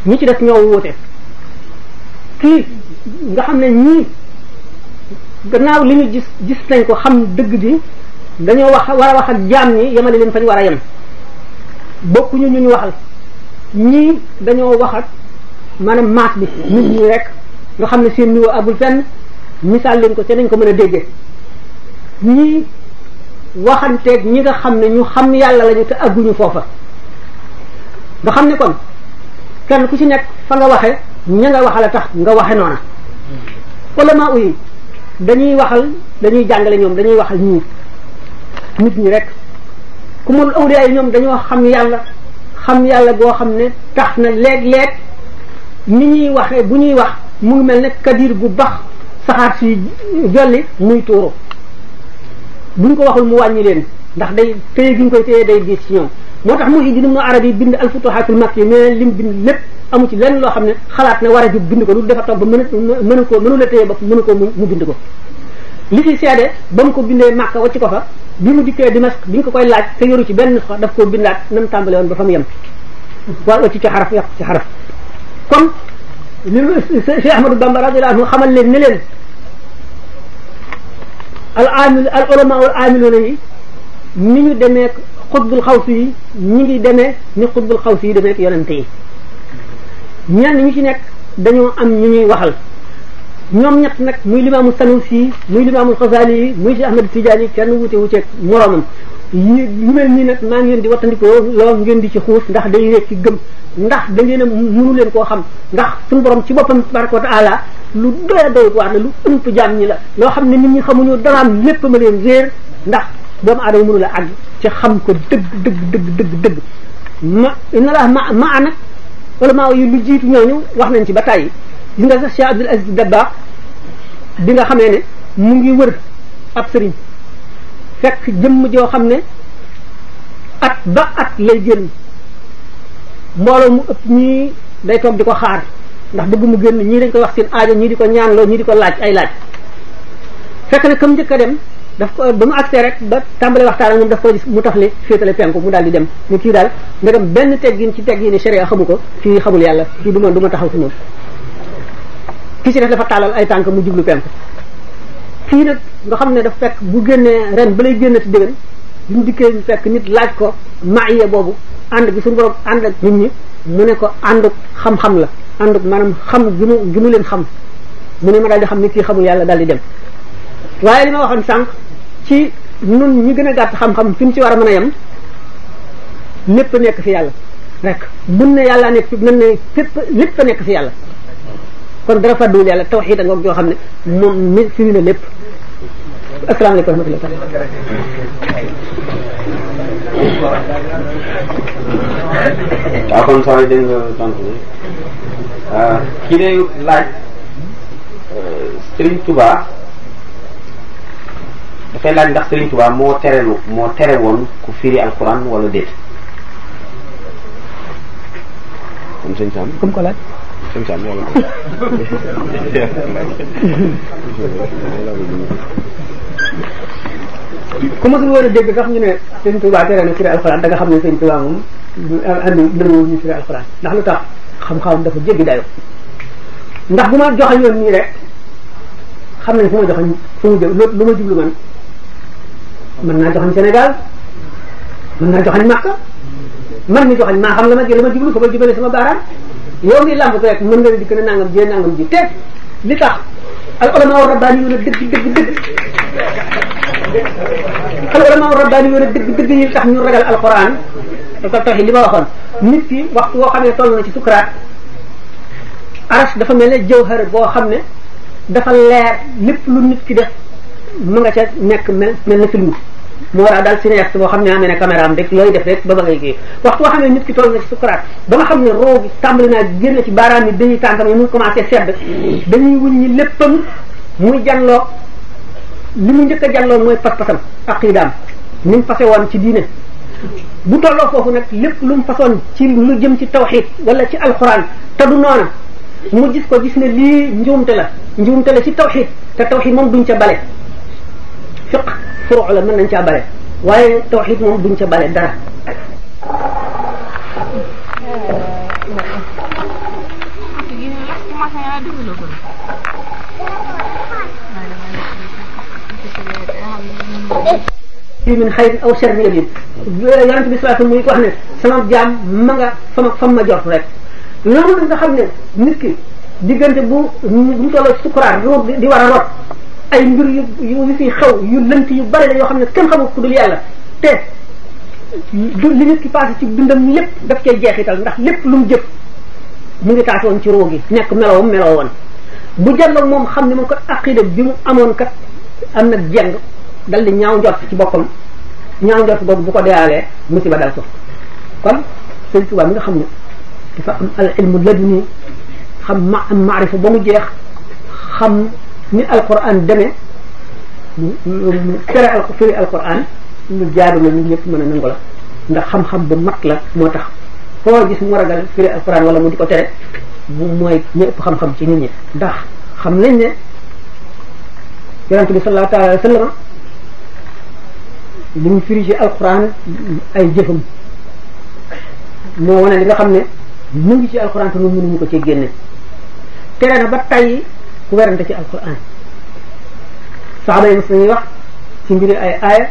ñi ci des ñoo wuute kii nga xam ne ñii gannaaw li ñu gis gis nañ ko xam dëgg di dañoo wax war a wax ak jaam ñi yemale leen fañ war a yem bokkuñu ñu ñu waxal ñii dañoo waxat ak maanaam maas bi nit ñi rek nga xam ne seen niveau agul fenn misaal leen ko te nañ ko mën a déggee ñii waxanteeg ñi nga xam ne ñu xam yàlla lañu te agguñu foofa nga xam ne kon kenn ku ci nekk fa nga waxe ña nga waxal a tax nga waxe noona ulama yi dañuy waxal dañuy jàngale ñoom dañuy waxal ñii nit ñi rek ku mënul awliya yi ñoom dañoo xam yàlla xam yàlla goo xam ne tax na léeg-léeg ni ñuy waxee bu ñuy wax mu ngi mel ne kadir gu bax saxaar si jolli muy tuuru buñ ko waxul mu wàññi leen ndax day téye gi ñu koy téye day diis ci ñoom moo tax mu indi mu arab yi bind alfutuhaatul makki yi mais lim bind lépp amu ci lenn loo xam ne xalaat ne war a jub bind ko lu dafa toog ba mën a mën a koo mënu la téye ba mënu ko mu bind ko li si seede ba mu ko bindee màkka wacc ko fa bi mu dikkee Dimask bi ñu ko koy laaj te yoru ci benn nusxa daf koo bindaat na mu tàmbale woon ba fa mu yem waaye wacc ci xaraf yàq ci xaraf kon li Cheikh Ahmadou Bamba radiyallahu leen ne leen al amil al ulama wal amiluna yi ni ñu demee xutbul xawsi yi ñi ngi demee ni xutbul xawsi yi demee yonente yi ñenn ñu ci nekk dañoo am ñu ñuy waxal ñoom ñett nag muy limaamu Sanusi muy limaamul Xasaali yi muy si Ahmad Tijaani kenn wute wuteeg moroomam yu mel nii nag maa ngi leen di wattandikoo loo ngeen di ci xuus ndax day nekk gëm ndax da ngeen a leen koo xam ndax suñu borom ci boppam tabaraka wa taala lu doya doy waar la lu ëmp jaam ñi la loo xam ne nit ñi xamuñu daraam lépp ma leen réer ndax doomu aadama mënu la àgg ci xam ko dëgg dëgg dëgg dëgg dëgg ma na la ma ma nag wala maa yu lu jiitu ñooñu wax nañ ci ba tàyyi li nga sax Cheikh Abdoul Aziz Dabakh bi nga xamee ne mu ngi wër ab sëriñ fekk jëmm joo xam ne at ba at lay génn mbooloo mu ëpp ñii day toog di ko xaar ndax bëgg mu génn ñii dañ koy wax seen aajo ñii di ko ñaan ñaanloo ñii di ko laaj ay laaj fekk na comme njëkk a dem daf ko ba mu agsee rek ba tàmbale waxtaan a moom daf ko gis mu tax li féetale penku mu daal di dem mu kii daal ndegam benn teggin ci teggin yi ne xamu ko kii xamul yàlla kii du ma du ma taxaw ci moom ki ci def dafa tàllal ay tànk mu jublu penk fii nag nga xam ne dafa fekk bu génnee ren balay génn ci déwén bi mu dikkee fekk nit laaj ko maaya boobu ànd bi suñu borom ànd ak nit ñi mu ne ko ànduk xam-xam la ànduk maanaam xam gi mu gi mu leen xam mu ne ma daal di xam ne kii xamul yàlla daal di dem waaye li ma waxoon sànq ci nun ñi gën a gàtt xam-xam fi mu ci war a mën a yem lépp nekk ci yàlla rek mun ne yàlla nekk fi nan ne fépp lépp a nekk ci yàlla kon dara fàdduwul a ngoog yoo xam ne moom mi firi na lépp asalaamaaleykum wa rahmatulah waaw kon soxna dégg nga tontu bi ah, kii euh, ndax Serigne Touba moo tere woon ku firi alquran wala déet. 生产量。ku ma war a dégg sax ñu ne sëñ Tuubaa tere na firi alxuraan da xam ne sëñ Tuubaa moom du andi er, er, dërëwul alxuraan ndax lu tax xam-xam dafa jéggi dayo ndax bu ma joxe yoon nii rek xam nañ fu ma joxañ fu mu jëm lu ma jublu man mën naa joxañ Sénégal mën naa joxañ Makka man mi joxañ xam la ma jël la ma jublu fa ma jubale sama baaraam yow mi làmb ko rek mën nga ne gën a nangam jee nangam ji te li tax al ulama rabbaani dëgg dëgg dëgg al ulama rabbaani dëgg dëgg yi tax ñu ragal alquran dafa tax li ma waxoon nit ki waxtu woo xam ne na ci sukuraat dafa mel ne jawhar boo xam ne dafa leer lépp lu nit ki def mu nga nekk mel na film mu war a daal cinéaste boo xam ne amee ne caméra am rek looy def rek ba ba ngay kii waxtu boo xam ne nit ki toll na ci sukuraat ba nga xam ne roo bi tàmbali naa génn ci baaraam yi dañuy tànkam yi mu commencé sedd dañuy wuñ ñi léppam muy janloo li mu njëkk a janloo mooy pas-pasam aqidaam ni mu fase woon ci diine bu tolloo foofu nag lépp lu mu ci lu jëm ci tawxid wala ci alquran ta du noona mu gis ko gis ne lii njuumte la njuumte la ci tawxid te tawxid moom duñ ca bale fiq furu la mën nañ caa bale waaye tawxid moom duñ ca bale dara fii min xayrin aw sharrin yajid yonent bi sallallahu muy ko wax ne sama jaam ma nga fama fam ma jort rek loolu nga xam ne nit ki diggante bu bu mu tolloo sukuraat di war a rot ay mbir yu yu fi xew yu lënt yu bari la yoo xam ne kenn xamul ku dul yàlla te li nit ki passé ci dundam lépp daf koy jeexital ndax lépp lu mu mu ngi taatoon ci roo gi nekk melowam meloo woon bu jàlloon moom xam ne moom kat aqida bi mu amoon kat am na jeng dal di ñaaw njort ci boppam ñaaw njort boobu bu ko deyaalee musiba dal ko kon sëñ Tuubaa mi nga xam ne dafa am al ilmu xam ma am maarifa ba mu jeex xam ni alquran demee mu tere al firi alquran lu jaadu la ñu ñëpp mën a nangu la ndax xam-xam bu mag la moo tax foo gis mu ragal firi alquran wala mu di ko tere bu mooy ñëpp xam-xam ci nit ñi ndax xam nañ ne yonent bi sallallahu taala alayhi wa sallam li mu firi ci alquran ay jëfam moo wane li nga xam ne mu ngi ci alquran te mu mënuñu ko ci génne tere na ba tey ku werante ci alquran saxaba yi mos nañuy wax ci mbiri ay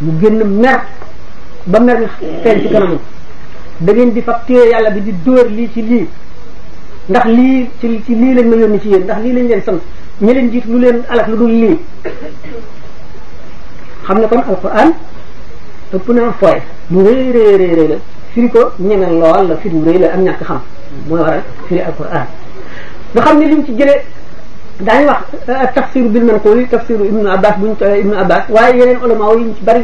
mu génn mer ba mer na feeñ ci kanamam da ngeen di fab yàlla bi di dóor lii ci lii ndax lii ci ci lii lañ ma yónni ci yéen ndax lii lañ leen sant ñi leen jiit lu leen alak lu dul lii xam ne kon alquran ëpp na fooy lu rëy rëy rëy rëy la firi ko ñeme lool la firi rëy la am ñàkk xam mooy waral firi alquran nga xam ne liñ ci jëlee daañu wax euh, tafsiru bil manqul tafsiru ibnu abbas buñ ibnu abbas waaye yeneen ulama yi ñu ci bari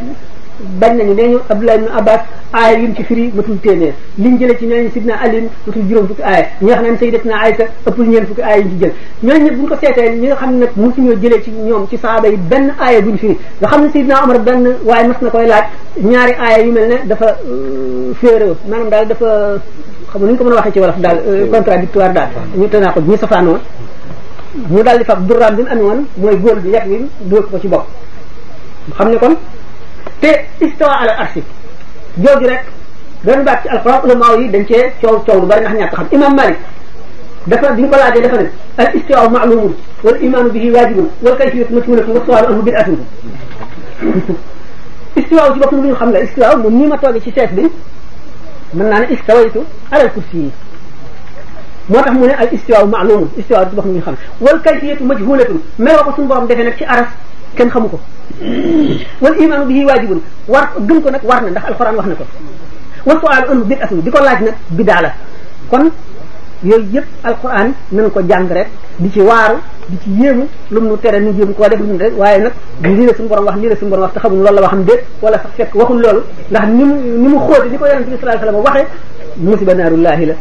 bañ nañu nee ñu Abdullah ibn Abbas aaya yi mu ci firi matul téeméer liñ jëlee ci ñooñu sidna Ali matul juróom fukki aaya ñi nga xam ne sayyidatuna Aïsa ëppul ñeen fukki aaya yi ñu ci jël ñooñu ñëpp bu ko seetee ñi nga xam ne nag mosuñoo jëlee ci ñoom ci saaba yi benn aaya buñ firi nga xam ne sidna Omar benn waaye mas na koy laaj ñaari aaya yu mel ne dafa euh, féeré maanaam daal dafa xam nu ñu ko mën a waxee ci wolof daal euh, contradictoire daal ñu tenaa ko ñu safaanoo mu daal di fab durraam bi mu mooy góor bi yet wi dóor ko ci bopp xam te istawa ala arsi jooju rek benn baat ci alxuraan ulama yi dañ cee coow coow lu bari ndax ñàkk xam imam malik dafa bi ñu ko laajee dafa ne al istiwa maalumun wal imaanu bihi waajibun wal kayfiyatu majhulatun wa sualu anhu bid'atun istiwa ci boppam lu ñu xam la istiwa moom nii ma toogee ci sees bi mën naa ne istawaytu alal kursi yi moo tax mu ne al istiwa maalumun istiwa ci boppam lu ñu xam wal kayfiyatu majhulatun meloo ko suñu borom defee nag ci aras kenn xamu ko wal imaanu bihi waajibun war gëm ko nag war na ndax alxuraan wax na ko wa suaal an bid'atun di ko laaj nag bidaa la kon yooyu yëpp alxuraan nan ko jàng di ci waaru di ci yéemu lu mu tere nu jéem koo def lu rek waaye nag lii la suñu borom wax lii la suñu borom wax te xamuñ loolu la waxam déet wala sax fekk waxul loolu ndax ni mu ni mu xóote ni ko yonent bi sallallahu alayhi wasallam waxee musiba naarullahi la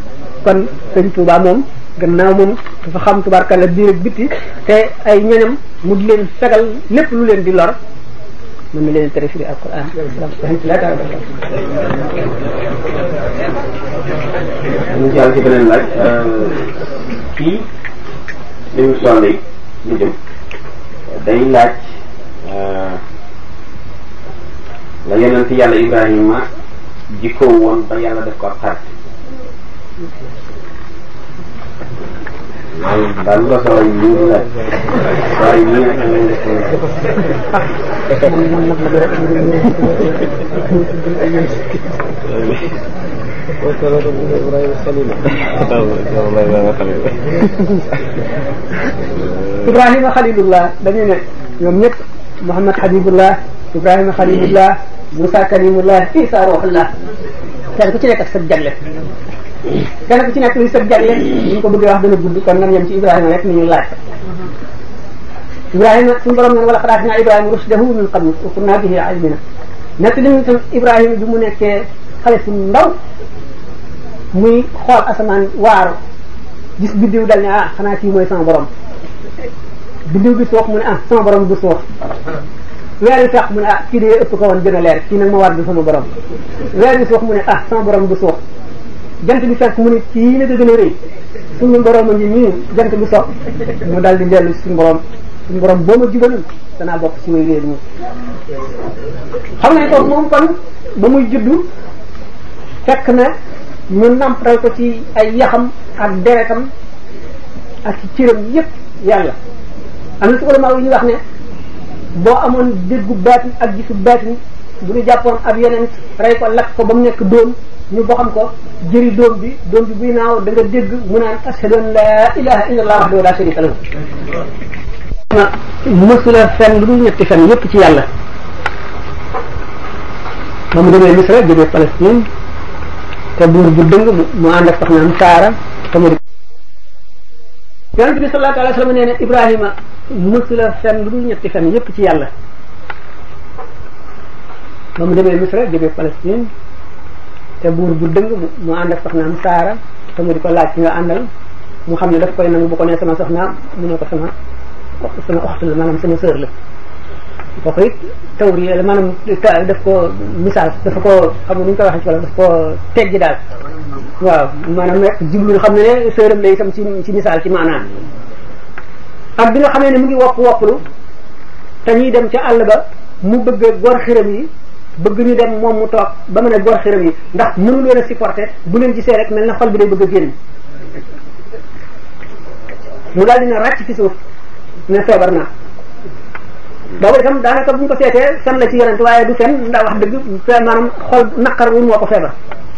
kon sëñ Tuubaa moom gannaaw moom dafa xam tubaarkalla biir ak bitti te ay ñenam mu di leen fegal lépp lu leen di lor mën na leen tere firi alquran ñu jàll ci beneen laaj kii émission bi ñu jëm day laaj euh, la yonent yàlla Ibrahima jikkoo woon ba yàlla def ko ab xarit daal la saway lii di laaj saway lii ak lii def ko Ibrahima Xalilullah dañu ne ñoom ñëpp Muhammad Habibullah Ibrahima Xalilullah Moussa Kalimullah Isa Ruhullah kenn ku ci nekk ak sa jagle dana ko ci nekk luy sëg jagle ñu ko bëggee wax dana gudd kon nan yem ci Ibrahima rek ni ñu laaj Ibrahima suñu borom wala xalaat naa Ibrahima rushdahu min qablu wa kunna bihi alimina nekk li ñu tam Ibrahima bi mu nekkee xale su ndaw muy xool asamaan waaru gis biddiw dal ne ah xanaa kii borom biddiw bi mu ne ah sama du soox weer wi sax mu ne ah kii de ëpp ko woon gën a leer kii nag ma war du sama borom weer wi soox mu ne ah sama borom du soox jant bi fekk mu ne kii la gën a rëy suñu borom a ngi nii jant bi so mu daal di dellu suñu borom suñu borom boo ma jubaloon danaa bokk si way réer ñi xam nga kooku moom kon ba muy juddu fekk na ñu nampatal ko ci ay yaxam ak deretam ak ci yépp yàlla am na ci wax ne boo amoon déggu baatin ak gisu baatin bu ñu jàppoon ab yeneen rey ko lakk ko ba mu nekk doom ñu boxam ko jëri doom bi doom bi buy naaw da dégg mu naan ashhadu an laa ilaha illa allah wahdahu la sharika lahu fen lu ñetti fen yépp ci yàlla ba mu demee Misra jógee Palestine te buur bu dëng mu ànd ak soxnaam Saara tamit ñetti fen yépp ci yàlla ba te buur bu dëng mu ànd ak soxnaam saara te mu di ko laaj ci nga àndal mu xam ne daf koy nangu bu ko nee sama soxnaam mu ne ko sama sama oxtu la maanaam sama sœur la kooku it tawri la maanaam daf ko misaal dafa ko xam ne nu ñu koy waxee ci wala daf maanaam rek jublu xam ne ne sëram la itam ci ci misaal ci maanaam ak bi nga xamee ne mu ngi wopp wopplu te ñuy dem ca àll ba mu bëgg gor xiram yi bëgg ñu dem moom mu toog ba mën a gor xiram yi ndax mënu leen a supporter bu leen gisee rek mel na xol bi day bëgg a génn mu daal dina ràcc ci suuf ne feebar naa boobu itam daanaka bu ñu ko seetee fen la ci yonent waaye du fen ndax wax dëgg fe maanaam xol naqar wu moo ko feebar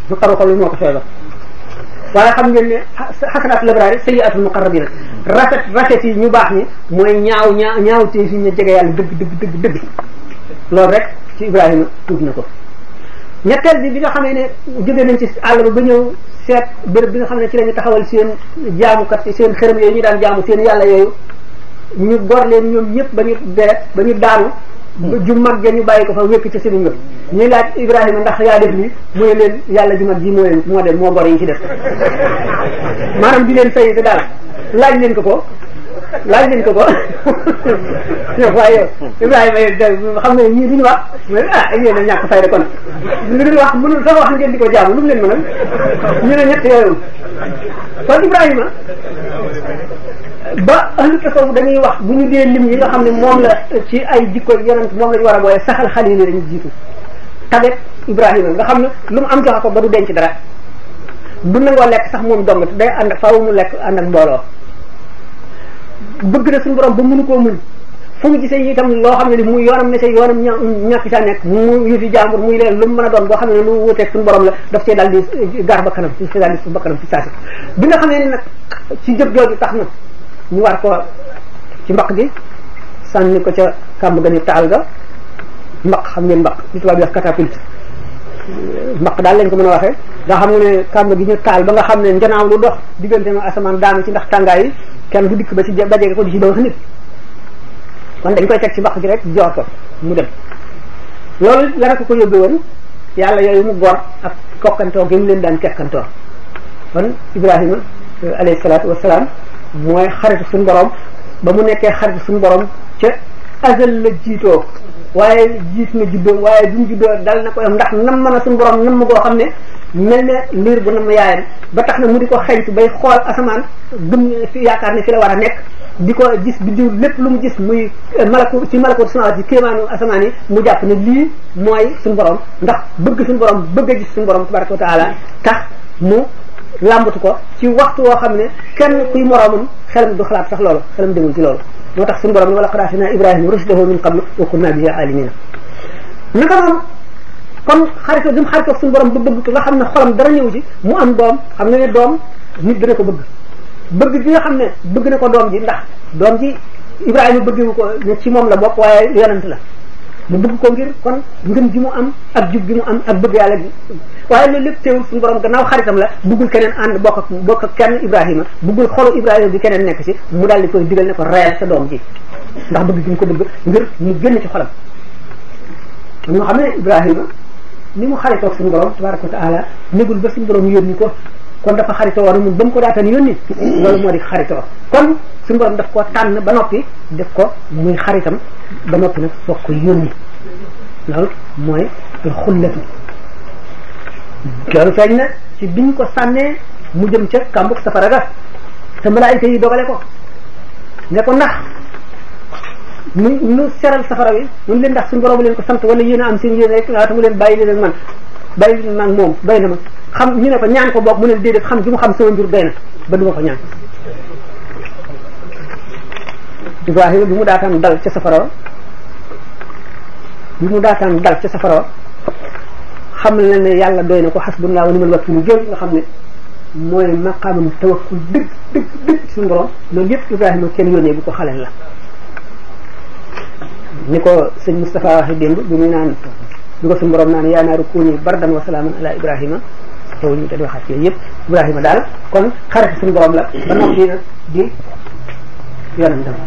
naqaru xol wu moo ko feebar waaye xam ngeen ne xasanatul abraar sayyiatul muqarrabin rafet rafet yi ñu baax ni mooy ñaaw ñaaw ñaaw ci fi ñu jege yàlla dëgg dëgg dëgg dëgg loolu rek ci Ibrahima tuub na ko ñetteel bi bi nga xamee ne jóge nañ ci àll ba ba ñëw seet béréb bi nga xam ne ci lañu taxawal seen jaamukat yi seen xërëm yee ñu daan jaamu seen yàlla yooyu ñu gor leen ñoom ñëpp ba ñu dee ba ñu daanu ju mag ja ñu bàyyi ko fa wékk ci seen wér ñuy laaj Ibrahima ndax yaa def lii mu ne leen yàlla ju mag ji moo leen moo dem moo gor yi ci def maanaam di leen fay daal laaj leen ko ko laaj leen ko ko waaye Ibrahima xam ne ñii duñu wax mu ne ah yéen a ñàkk fayda kon lu duñu wax mënul sax wax ngeen di ko jaamu lu mu leen mënal ñu ne ñett yooyu kon Ibrahima ba ahlu tasawuf dañuy wax bu ñu dee lim yi nga xam ne moom la ci ay jikko yonent moom la war a sax saxal xalil yi dañu jiitu tabet Ibrahima nga xam ne lu mu am joxe ko ba du denc dara du nangoo lekk sax moom dong day ànd faaw mu lekk ànd ak mbooloo bëgg na suñu borom ba mënu koo muñ fu mu gisee itam loo xam ne li muy yoonam ne sa yoonam ña ñàkk ca nekk mu yu fi jàmbur muy leen lu mu mën a doon boo xam ne lu wuteeg suñu borom la daf cee daal di gaar ba kanam ci daal di ba kanam ci saasi bi nga xam ne nag ci jëf jooju tax na ñu war ko ci mbaq gi sànni ko ca kàmb ga ni taal ga mbaq xam ngeen mbaq li tubaab di wax catapulte maq daal lañ ko mën a waxee nga xam ne kàmb gi ñu taal ba nga xam ne njanaaw lu dox diggante ma asamaan daanu ci ndax tàngaay kenn du dikk ba ci dajege ko di ci ba wax nit kon dañ koy teg ci mbaq gi rek joor ko mu dem loolu dara ko ko yóbbe woon yàlla yooyu mu gor ak kokkantoo gi leen daan kekkantoo kon ibrahima euh, alayhi salaatu wasalaam mooy xaritu suñ borom ba mu nekkee xaritu suñu borom ca azal la jiitoo waaye gis na juddoo waaye duñ juddoo dal na koy am ndax nam mën a suñu borom nam goo xam ne mel na liir bu nam yaayam ba tax na mu di ko xeñtu bay xool asamaan gëm fi yaakaar ne fi la war a nekk di ko gis biddiw lépp lu mu gis muy eh, malaku ci malaku sama ci kéemaanu asamaan yi mu jàpp ne lii mooy suñ borom ndax bëgg suñu borom bëgg a gis suñu borom tabaraka wa taala tax mu làmbatu ko ci waxtu woo xam ne kenn kuy moroomam xelam du xalaat sax loolu xelam demul ci loolu loo tax suñu borom ni wala qad aataynaa ibrahima rushdahu min qablu wa kunnaa bihi aalimina naka noonu kon xaritoo bi mu xaritoo suñu borom ba bëgg ko nga xam ne xolam dara ñëw ci mu am doom xam nga ne doom nit dina ko bëgg bëgg gi nga xam ne bëgg na ko doom ji ndax doom ji ibrahima bëggewu ko ne ci moom la bokk waaye yonent la mu bëgg ko ngir kon ngëm ji mu am ak jub gi mu am ak bëgg yàlla gi waaye loolu lépp teewul suñu borom gannaaw xaritam la bëggul keneen ànd bokk ak bokk ak kenn Ibrahima bëggul xolu Ibrahima bi keneen nekk ci mu daal di koy digal ne ko reyal sa doom ji ndax bëgg gi mu ko bëgg ngir mu génn ci xolam ñoo xam ne Ibrahima ni mu xaritoog suñu borom tabaraka wa taala négul ba suñu borom yónni ko kon dafa xaritoo woon moom ba ko daataan yónni loolu moo di xaritoo kon suñu borom daf koo tànn ba noppi def ko muy xaritam ba noppi nag soog ko yónni loolu mooy xullatu loolu feeñ na ci biñ ko sànnee mu jëm ca kàmbuk safara ga te malaayika yi dogale ko ne ko ndax nu nu seral safara wi mu leen ndax suñu borom ko sant wala yéen a am seen yéen rek laata mu leen bàyyi leen ak man bàyyi leen ak moom bay na ma xam ñu ne ko ñaan ko boog mu leen déedéet xam gi mu xam sama njur bay na ba du ma ko ñaan Ibrahima bi mu daataan dal ca safara bi mu daataan dal ca safara xam na ne yàlla doy na ko xasbunaa wa ni'mal wakiil jël nga xam ne mooy maqaamam tawakkul dëgg dëgg dëgg suñu borom loolu yëpp kenn yónnee bu ko xaleel la ni ko sëñ Moustapha waxe démb bi muy naan bi ko suñu borom naan yaa naaru kuuni bardan wa salaaman ala Ibrahima xewul ñu te di waxaat yooyu yëpp Ibrahima daal kon xarit suñu la ba noppi di yonentam ah,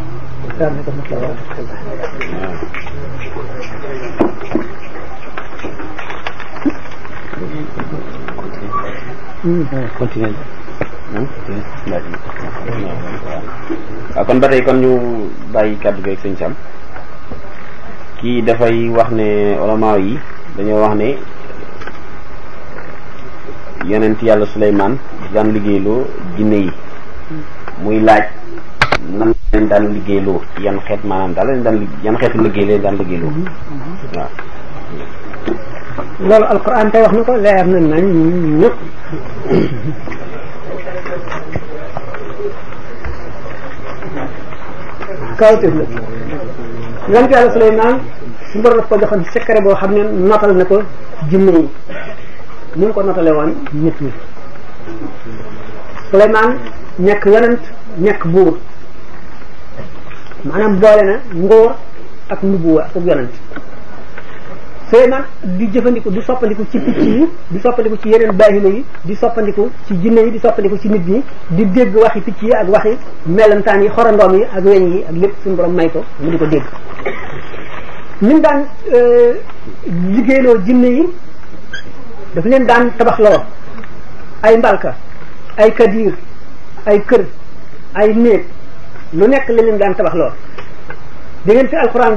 kon ba tey kon ñu bàyyi kàddu gi ak sëñ Sam kii dafay wax ne ulama yi dañoo wax ne yonent yàlla Suleymaan daan liggéeyloo jinne yi muy laaj nan leen daan liggéeyloo yan xeet maanaam daal leen daan yan xeetu liggéey leen daan liggéeyloo mm-hmm. waaw loolu alquran tey wax na ko leer na nañ ñëpp kawtif la yan ci yàlla Suleymaan su borom daf ko joxoon secret boo xam ne notal na ko jinne yi ni mu ko notale woon nit ñi Suleymaan nekk yonent nekk buur maanaam boole na ngoor ak nubuwa ak yonent Suleymaan du jëfandiku du soppandiku ci picc yi du soppandiku ci yeneen baahima yi di soppandiku ci jinne yi di soppandiku ci nit yi di dégg waxi picc yi ak waxi melantaan yi xorandoom yi ak weñ yi ak lépp suñu borom may ko mu di ko dégg min daan euh, liggéeyloo jinne yi daf leen daan tabaxloo ay mbalka ay kadir ay kër ay néeg lu nekk la leen daan tabax lool di ngeen fi alquran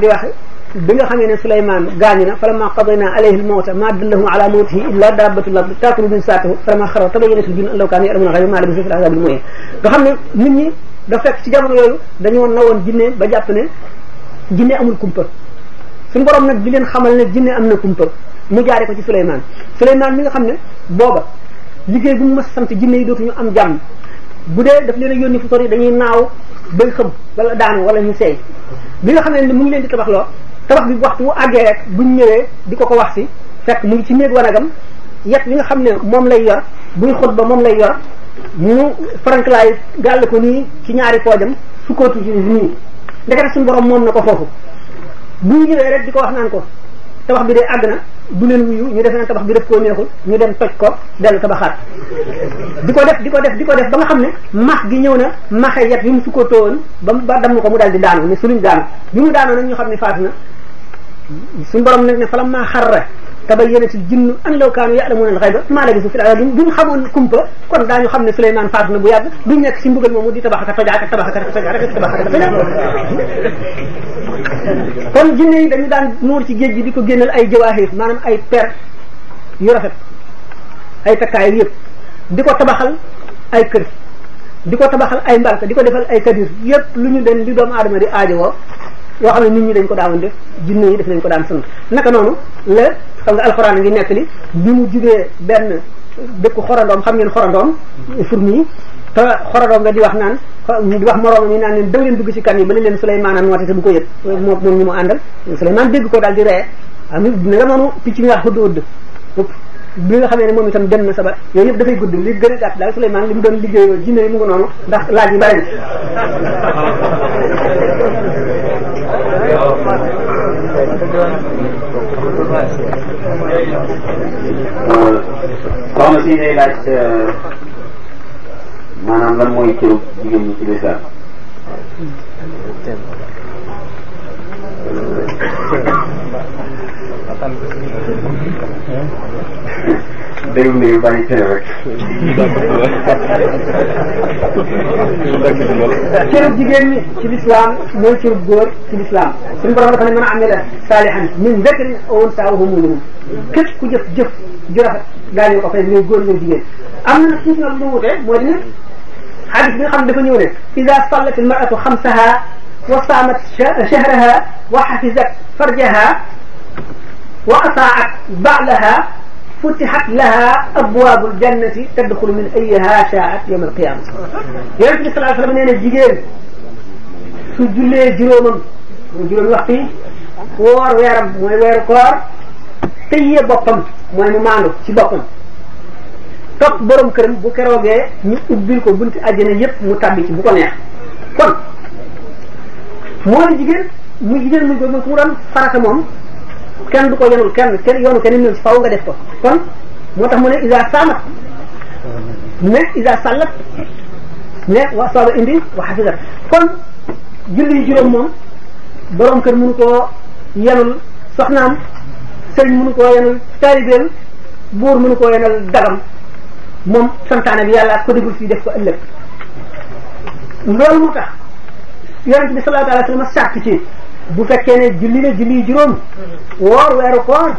di nga xamee ne Souleymane gaañu na falamma qadayna alayhi almawta ma dallahum ala mawtihi illa dabbatul ard taakulu min saatihi falamma xara tabayyanat al-jinnu an law kaanu ya'lamuna ma labisu fil azabil muhin nga ne nit ñi da fekk ci jamono jinne ba jàpp ne jinne amul kumpa suñu borom nag di leen xamal ne jinne am na kumpa mu jaare ko ci Souleymane Souleymane mi nga xam ne booba liggéey bu mu mës sant jinne yi dootuñu am jàmm bu dee daf leen a yónni fu sori dañuy naaw bay xëm wala daanu wala ñu seey bi nga xam ne mu ngi leen di tabax loo tabax bi waxtu wu àggee rek buñ ñëwee di ko ko wax si fekk mu ngi ci néeg wanagam yet li nga xam ne moom lay yor buy xot ba moom lay yor mu faranklaay gàll ko nii ci ñaari poojam sukkootu ci nii ndekete suñu borom moom na ko foofu buñ ñëwee rek di ko wax naan ko tabax bi de àgg na du leen wuyu ñu def naan tabax bi def koo neexul ñu dem toj ko dellu tabaxaat di ko def di ko def di ko def ba nga xam ne max gi ñëw na maxe yat yu mu sukkatoo woon ba ba damm ko mu daal di daanu ne suluñ daanu bi mu daanoo nag ñu xam ne faatu na suñu borom nag ne falam maa xarra tabayyanatil jinnu an law kaanu ya'lamuuna al-ghayba maa labisu fil azaab bu ñu xamoon kumpa kon daañu xam ne Souleymane faatu na bu yàgg duñ nekk ci mbugal moomu di tabaxaka tojaaka tabaxaka tojaaka tabaxaka tojaaka kon jinne yi dañu daan nuur ci géej gi di ko génnal ay jawaahir maanaam ay per yu rafet ay takkaay yëpp di ko tabaxal ay kër di ko tabaxal ay mbalka di ko defal ay kadir yëpp lu ñu den li doomu aadama di aajowoo yoo xam ne nit ñi dañ ko daawoon def jinne def nañ ko daan naka noonu la xam nga alxuraan ngi nekk li bi mu jugee benn dëkku xorandoom xam ngeen xorandoom fourmi te xorandoom nga di wax naan di wax moroomam yi naan leen daw dugg ci kan yi ba ne leen Souleymane am woote te bu ko ko daal di ree noonu nga xudd ne moom itam dem na saba yooyu yëpp dafay gudd li gën a gàtt daal li mu doon liggéeyoo jinne yi mu ngi noonu ndax laaj yi bari na soxna si day laaj euh, maanaam lan mooy cëru jigéen ñi ci lislaam day nuyu bàyyi kenn rek. cërub jigéen ñi ci lislaam mooy cërub góor ci lislaam suñu borom dafa ne mën a amee la saalihan min zakarin aw unsaa wa hum mu'minuun képp ku jëf jëf ju rafet daañu ko fay muy góor muy jigéen am na nag suuf nag lu wute moo di ne xadis bi nga xam dafa ñëw ne ida sallat almaratu xamsaha wa saamat shahraha wa xafizat farjaha wa asaat baalaha futihat laha abwaabul jannati tadxulu min ayyihaa shaa'at yawmal qiyaama yonent bi sallallahu alayhi wa sallam nee na jigéen su jullee juróomam mooy juróomi waxtu yi woor weeram mooy weeru koor tëye boppam mooy mu maandu ci boppam topp borom këram bu keroogee ñu ubbil ko bunti àjjana yépp mu tabbi ci bu ko neex kon moo jigéen mu jigéen mu ko mu ko mu doon farata moom kenn du ko yonul kenn kenn yoonu kenn ñëw ci faaw nga def ko kon moo tax mu ne isa samat ne isa sallat ne wa sooba indi wa xafisat kon julli juróom moom borom kër mënu koo yenul soxnaam sëriñ mënu koo yenul taalibeem buur mënu koo yenal dagam moom santaane bi yàlla ko dégul fii def ko ëllëg loolu moo tax yonent bi sallallahu alayhi wa sallam sàkk ci bu fekkee ne julli la julli juróom woor weeru koor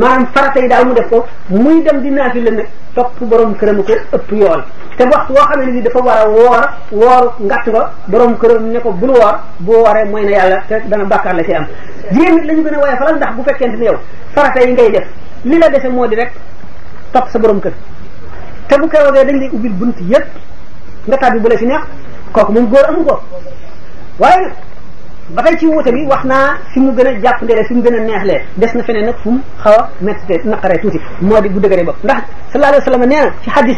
maanaam farata yi daal mu def ko muy dem di naafi la nag topp borom këram ko ëpp yool te waxtu woo xam ne ni dafa war a woor woor ngatt nga borom këram ne ko bul woor bu wooree mooy na yàlla te dana bàkkaar la ci am yéen it la ñu gën a waaye falal ndax bu fekkee ne yow farata def li la dese moo di rek topp sa boroom kër te bu keroogee dañ lay ubbil bunt yépp nga tàbbi bu la ci neex kooku moom góor amu ko waaye ba tey ci wuute bi wax naa fi mu gën a jàpp ndere fi mu gën a neexlee des na feneen na fu mu xaw a métti naqaree tuuti moo di bu dëgëree bopp ndax sallallahu alayhi wa sallam nee na ci hadis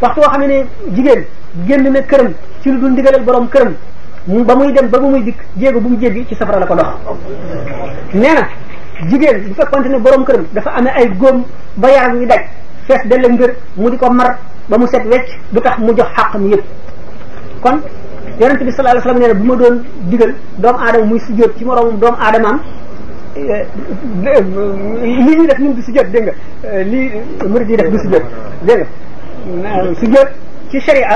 waxtu woo xam ne jigéen génn na këram ci lu dul ndigalal borom këram ba muy dem ba ba muy dikk jéego bu mu jéggi ci safara la ko dox nee na jigéen bu fekkonte ne borom këram dafa amee ay góom ba yaram ñi daj fees delle mbir mu di ko mar ba mu set wecc du tax mu jox xàqam yëpp kon yonent bi sallallahu alayhi wasallam nee bu ma doon digal doomu aadama muy sujjóot ci moroomam doomu aadamaam eh, li ñuy def ñun du sujjóot dégg nga eh, lii murid eh, ci sharia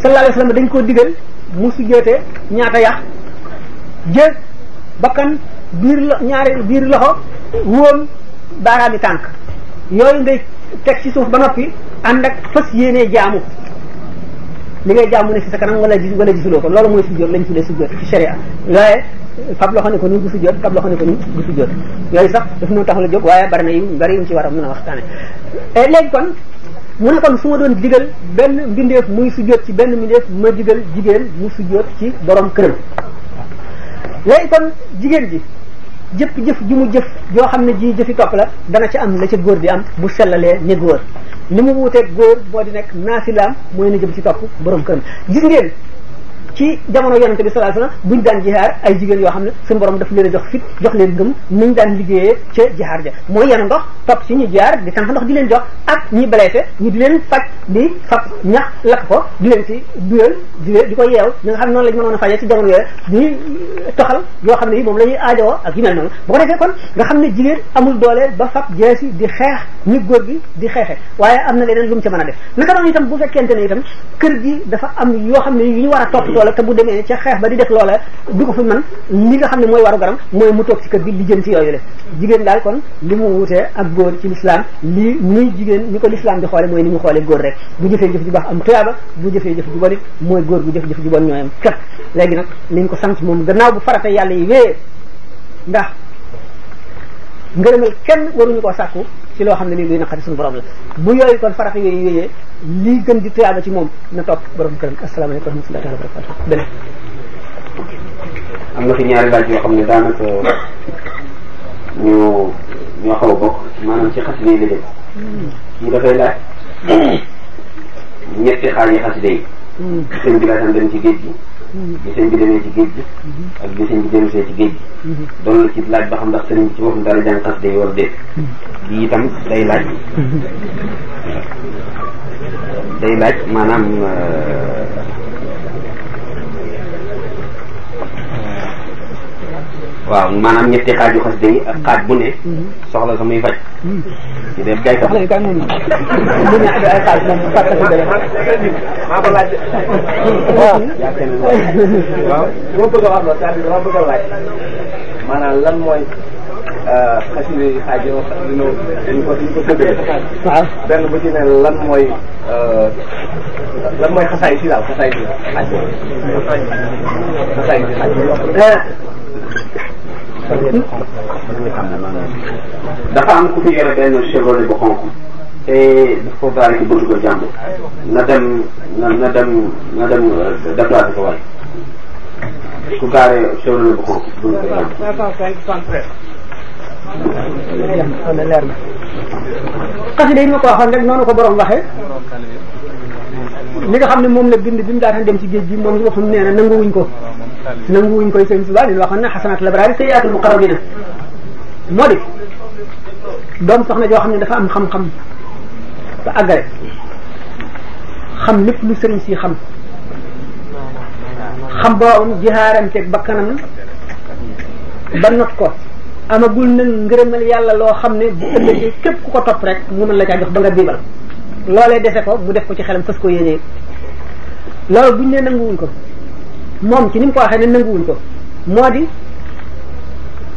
sallallahu alayhi wasallam dañ koo digal mu sujjóotee ñaata yax jël bakkan biir lo loxo wóol baaraami tànk yooyu ngay teg ci suuf ba noppi ànd ak fas yéenee jaamu li ngay jàmm mu ne fi sa kanam wala gis wala gisuloo ko loolu mooy sujjoot lañ tuddee sujjoot ci sharia waaye fab loxo ne ko nii du sujjoot fab loxo ne ko nii du sujjoot yooyu sax daf noo tax la jóg waaye bari na yu bari yuñ ci war a mën a waxtaane eh, léegi kon mu ne kon su ma doon digal benn mbindeef muy sujjoot ci benn mbindeef ma digal jigéen mu sujjoot ci borom këram léegi kon jigéen ji jëpp jëf ji mu jëf joo xam ne ji jëfi topp la dana ci am la ca góor di am bu sellalee ne góor ni mu wuuteeg góor moo di nekk naasilaam mooy na jëm ci topp borom këram gis ngeen ci jamono yonente bi sallallahu alayhi wasallam buñ daan jihaar ay jigéen yoo xam ne suñu borom daf leen a jox fit jox leen ngëm niñ daan liggéeyee ca jihaar ja mooy yenu ndox topp si ñu jihaar di tànq ndox di leen jox ak ñi blessé ñi di leen faj di fab ñax lakk ko di leen ci duyal di ko yeew ñi nga xam ne noonu lañ mënoon a fajee ci jamono yooyu di toxal yoo xam ne yi moom la ñuy aajowoo ak yu mel noonu bu ko defee kon nga xam ne jigéen amul doole ba fab jeesi di xeex ñu góor gi di xeexe waaye am na leneen lu mu ci mën a bu fekkente ne itam kër gi yoo xam ne yu ñu war a topp loola te bu demee ca xeex ba di def loola du ko fi man li nga xam ne mooy waru garam mooy mu toog ci kër gi di jëm ci yooyu le jigéen daal kon li mu wutee ak góor ci lislaam lii muy jigéen ni ko lislaam di xoole mooy ni mu xoolee góor rek bu jëfee jëf ju baax am tuyaaba bu jëfee jëf ju bon it mooy góor bu jëf jëf ju bon ñooyam kat léegi nag liñ ko sant moom gannaaw bu farate yàlla yi wée ndax ngërëmal kenn waruñu koo sàkku ci loo xam ne nii luy naqari suñu borom la bu yooyu kon farax yooyu yooyee lii gën di tuyaaba ci moom na topp borom këram asalaamaaleykum wa rahmatullahi wa barakatuh beneen am na fi ñaari laaj yoo xam ne daanaka ñu ñoo xaw a bokk maanaam ci xasida yi la jëm mu dafay laaj ñetti xaaj yi xasida yi hmm. sëñ bi laataan dem ci géej gi bi sëñ bi demee ci géej gi ak bi sëñ bi dellusee ci géej gi doon na ci laaj ba xam ndax sëriñ bi ci boppam dara jàng xas day wala bi itam day laaj day laaj maanaam waaw maanaam ñetti xaaj yu xas de ak xaaj bu ne. soxla sa muy faj. Mm-hmm. ñu def gaytam. léegi kan mu ne ay xaaj moom fàttali ko dara. maa ko laaj. waaw yaa kenn waaw. li ma bëgg a wax loolu c'est-à-dire dama bëgg a laaj maanaam lan mooy euh, xasida yi xaaj yoo xam ne dañu ko dañu ko tëddee. waaw benn bu ci ne lan mooy euh, lan mooy xasaay si daal xasaay si xaaj. xasaay si xaaj. dafa am ku fi yore benn Chevrolet bu xonq te daf ko gaari ci buntu ko jàmbur na dem na na dem na dem euh, déplacé ko waay ku gaaree Chevrolet bu xonq buntu ko jàmbur leer na xasida ko waxoon rek noonu ko borom waxee li nga xam ne moom na bind bi mu daataan dem ci géej gi moom li nga xam nee na nanguwuñ ko nangu wuñ koy sëñ Tuubaa li waxoon na xasanatul abraari sayyiatul muqarrabina moo di doom soxna joo xam ne dafa am xam-xam te àggale xam lépp lu sëriñ si xam xam boo boobam jihaaranteeg bakkanam ba kanam not ko amagul nag ngërëmal yàlla loo xam ne bu ëllëgee képp ku ko topp rek mu mën la caa jox ba nga biibal loolee dese ko mu def ko ci xelam fas ko yéenee loolu buñ ne nanguwuñ ko moom ci ni mu ko waxee ne nanguwuñ ko moo di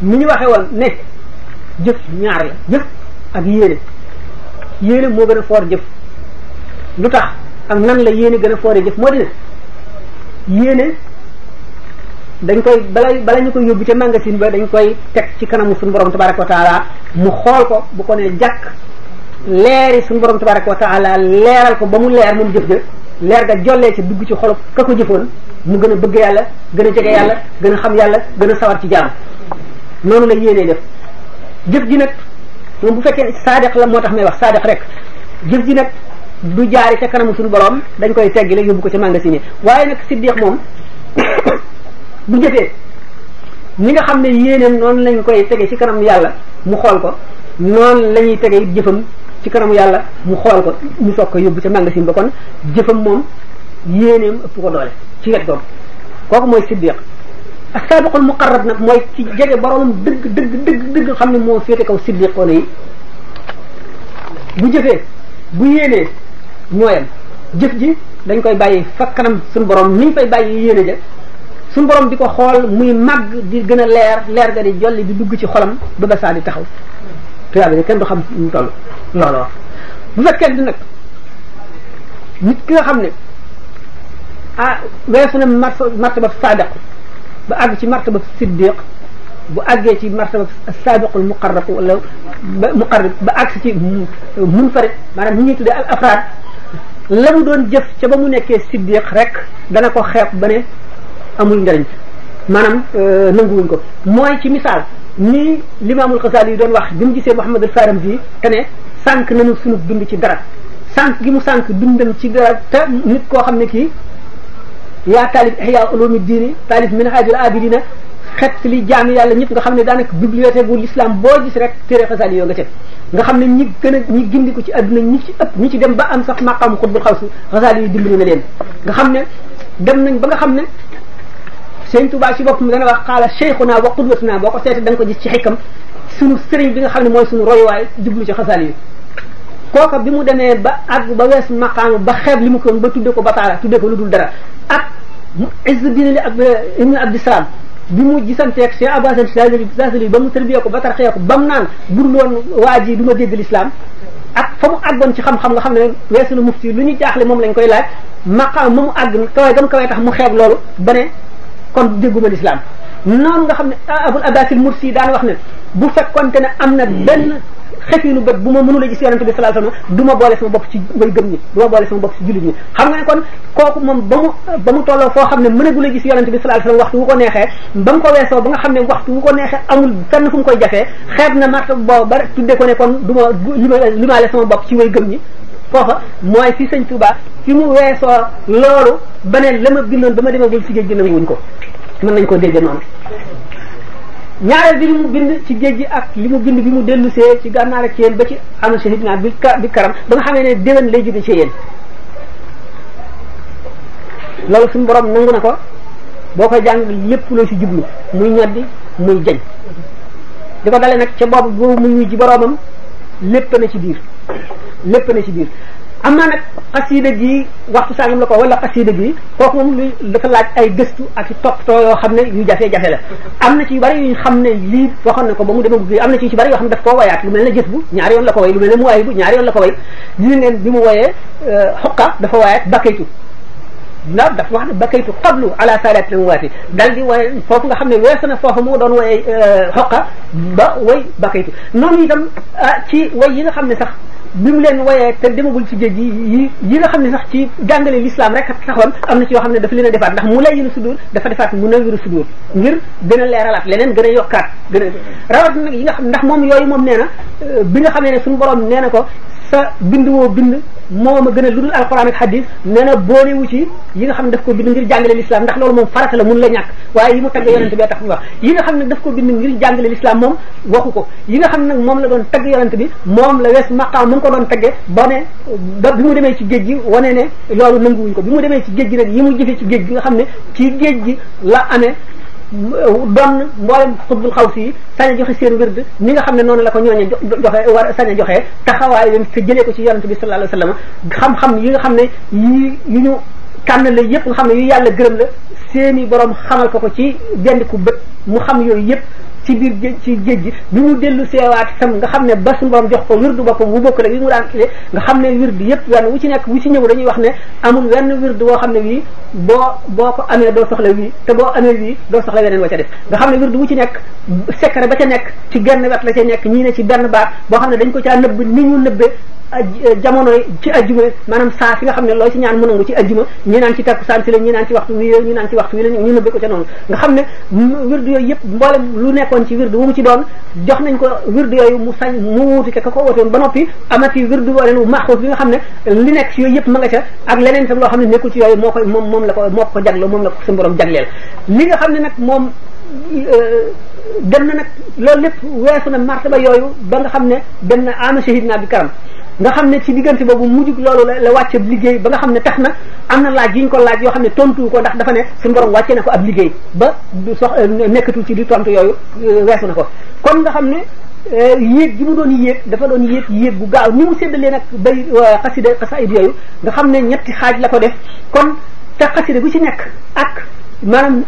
ni ñu waxee woon ne jëf ñaar la jëf ak yéene yéene moo gën a foor jëf lu tax ak nan la yéene gën a foore jëf moo di ne yéene dañ koy bala bala ñu koy yóbbu ca magasin ba dañ koy teg ci kanamu suñu borom tabaraka wa taala mu xool ko bu ko ne jàkk leeri suñu borom tabaraka wa taala leeral ko ba mu leer moom jëf jëf leer ga jollee ci dugg ci xolub ka ko jëfoon mu gën a bëgg yàlla gën a jege yàlla gën a xam yàlla gën a sawar ci jaam noonu la yéenee def jëf ji nag moom bu fekkee saadiq la moo tax may wax saadiq rek jëf ji nag du jaari ca kanamu suñu borom dañ koy teggi la yóbbu ko ca ne waaye nag siddiq moom bu jëfee ni nga xam ne yéeneen noonu lañ koy tege ci kanam yàlla mu xool ko noonu lañuy ñuy tege jëfam ci kanamu yàlla mu xool ko mu soog ko yóbbu ca magasin ba kon jëfam moom yéeneem ëpp ko doole ci wet kooku mooy siddiq ak saabiqul muqarrab nag mooy ci jege boroomam dëgg dëgg dëgg dëgg xam ne moo féete kaw siddiqoona yi bu jëfee bu yéenee ñooyam jëf ji dañ koy bàyyi fa kanam suñu borom niñ fay bàyyi yéene ja suñu borom di ko xool muy màgg di gën a leer leer ga di jolli di dugg ci xolam ba ba saa di taxaw yàlla ji kenn du xam mu toll looloo bu fekkente nag nit ki nga xam ne ah weesu na mart martaba saadiq ba àgg ci martaba siddiq bu àggee ci martaba saabiqul muqarrab wala muqarrab ba àgg ci munfarid maanaam ñi ñuy tuddee al afraad la mu doon jëf ca ba mu nekkee siddiq rek dana ko xeeb ba ne amul njëriñ maanaam euh, nanguwuñ ko mooy ci misaal nii limaamul xasaali yi doon wax bi mu gisee Muhammad al Faram bi te ne na nañu sunu dund ci dara sànq gi mu sànq dundam ci dara te nit koo xam ne kii ya yaa taalif ihya ulumi diini taalif minhajul abidina xet li jaami yàlla ñëpp nga xam ne daanaka bibliothèque bu l'islam boo gis rek téere xasaal yoo nga teg xam ne ñi gën a ñi gindi ko ci adduna ñi ci ëpp ñi ci dem ba am sax maqaam xutbul xaw si xasaal yi dimbali na leen nga xam ne dem nañ ba nga xam ne sëñ Tuubaa si boppam dana wax xaala cheikhuna wa qudwatuna boo ko seete da nga ko gis ci xikam sunu sëriñ bi nga xam ne mooy sunu royuwaay jublu ci xasaal kooka bi mu demee ba àgg ba wees maqaam ba xeeb li mu ko ba tudde ko bataala tudde ko lu dul dara ak Izzuddin li ab ibnu Abdissalaam bi mu gisanteeg Cheikh Abasan Saasili ba mu tërbiyee ko ba tarxee ko ba mu naan bur loon waa ji du ma dégg lislaam ak fa mu àggoon ci xam-xam nga xam ne weesu na mufti lu ñu jaaxle moom lañ koy laaj maqaam mu àgg kawe gam kawe tax mu xeeb loolu ba ne kon dégguma lislaam noonu nga xam ne ah, abul abbas al mursi daan wax ne bu fekkonte ne am na benn xefinu bët bu ma mënul a gis yonente bi sallallahu alayhi du ma boole sama bopp ci way gëm ñi du ma boole sama bopp ci jullit ñi xam nga kon kooku moom ba mu ba mu tolloo xam ne mënagul a gis yonente bi sallallahu alayhi wasallam waxtu wu ko neexee ba mu ko weesoo ba nga xam ne waxtu wu ko neexee amul fenn fu mu koy jafee xeeb na marta boo ba tudde ko ne kon du ma limaale sama bopp ci way gëm ñi foofa mooy fi sëñ Tuubaa fi mu weesoo loolu beneen la ma bindoon ba ma demagul ci géej gi nanguwuñ ko mën nañ ko dégg noonu ñaareel bi li mu bind ci géej gi ak li mu bind bi mu dellu see ci gànnaar ak yéen ba ci anu shahid naa bi bi karam ba nga xamee ne déwén lay jóge ci yen loolu suñu borom nangu na ko boo koy jàng lépp loo si jublu muy ñoddi muy jañ di ko dale nag ca boobu boobu muy wuy boroomam lépp na ci biir lépp na ci biir am naa nag xasida gi waxtu sàngam la ko wala xasida gi kooku moom lu dafa laaj ay gëstu ak i toppatoo yoo xam ne yu jafe-jafe la am na ci yu bëri yu xam ne lii waxoon na ko ba mu dema am na ci ci bëri yoo xam ne daf koo wayaat lu mel ne jës bu ñaari yoon la ko way lu mel ne mu waay bu ñaari yoon la ko way ñu leen bi mu woyee euh, xoqa dafa wayaat bakkaytu ndax dafa wax ne bakkaytu qablu ala saadaati la mu waati dal di waye foofu nga xam ne weesu na foofu mu doon woye euh, xoqa ba way bakkaytu noonu itam euh, ci way yi nga xam ne sax bi mu leen woyee te demagul ci géej gi yi yi nga xam ne sax ci jàngale lislaam rek taxoon am na ci yoo xam ne dafa leen a defaat ndax mu lay yinu sudur dafa defaat mu nawiru sudur ngir gën a leeralaat leneen gën a yokkaat gën a rawat nag yi nga xam ndax moom yooyu moom nee na euh, bi nga xam ne ne suñu borom nee na ko sa bind woo bind moo ma gën a lu dul alquran ak hadis nee na boolewu ci yi nga xam ne daf ko bind ngir jàngale l'islam ndax loolu moom farata la mun la ñàkk waaye yi mu tagg yonente bi tax ñu wax yi nga xam ne daf ko bind ngir jàngale l'islam moom waxu ko yi nga xam ne nag moom la doon tagg yonente bi moom la wees maqaam mu ko doon tagge ba ne ba bi mu demee ci géej gi wane ne loolu nanguwuñ ko bi mu demee ci géej gi nag yi mu jëfee ci géej gi nga xam ne ci géej gi la amee doon mboolem xutbul xaw si sañ a joxe seen wird ni nga xam ne noonu la ko ñooñe joxe war sañ a joxe taxawaay leen te jëlee ko ci yonent bi sallallahu alayhi wasallam xam-xam yi nga xam ne yi yu ñu tànn la yëpp nga xam ne yu yàlla gërëm la seeni borom xamal ko ko ci benn ku bët mu xam yooyu yëpp ci biir géej ci géej gi ñu mu dellu seewaat itam nga xam ne ba suñu jox ko wirdu boppam bu bokk rek yi mu daan kii nga xam ne wirdu yëpp wenn wu ci nekk wu ci ñëw dañuy wax ne amul wenn wirdu boo xam ne wii boo boo ko amee doo soxla wii te boo amee wii doo soxla weneen wa ca def nga xam ne wirdu wu ci nekk secret ba ca nekk ci genn wet la ca nekk ñii ne ci benn baat boo xam ne dañ ko caa nëbb ni ñu nëbbee Eh, jamono ci ajjuma maanaam saa si nga xam ne loo ci ñaan mu nangu ci ajjuma ñi naan ci takkusaan si la ñi naan ci waxtu wi ñi naan ci waxtu wi la ñu nëbbe ko ca noonu nga xam ne wirdu yooyu yëpp mboolem lu nekkoon ci wirdu wu mu ci doon jox nañ ko wirdu yooyu mu sañ mu wuuti ka ko wootoon ba noppi amati wirdu waneen wu maxuus bi nga xam ne li nekk ci yooyu yëpp ma nga ca ak leneen itam loo xam ne nekkul ci yooyu moo moom moo ko jagloo moom la ko suñu borom jagleel li nga xam ne nag moom eh, dem na nag loolu lépp weesu na martaba yooyu ba xam ne dem na ana shahid naa bi karam nga xam ne ci diggante boobu mujjug loolu la la wàcc ab liggéey ba nga xam ne tax na am na laaj yi ñu ko laaj yoo xam ne tontuwu ko ndax dafa ne suñu borom wàcce na ko ab liggéey ba du sox euh, nekkatul ci di tontu yooyu euh, weesu na ko kon nga xam ne euh, yéeg gi mu doon yéeg dafa doon yéeg yéeg bu gaaw ni mu séddalee nag bay xasida xasaid yooyu nga xam ne ñetti xaaj la ko def kon te xasida gu ci nekk ak maanaam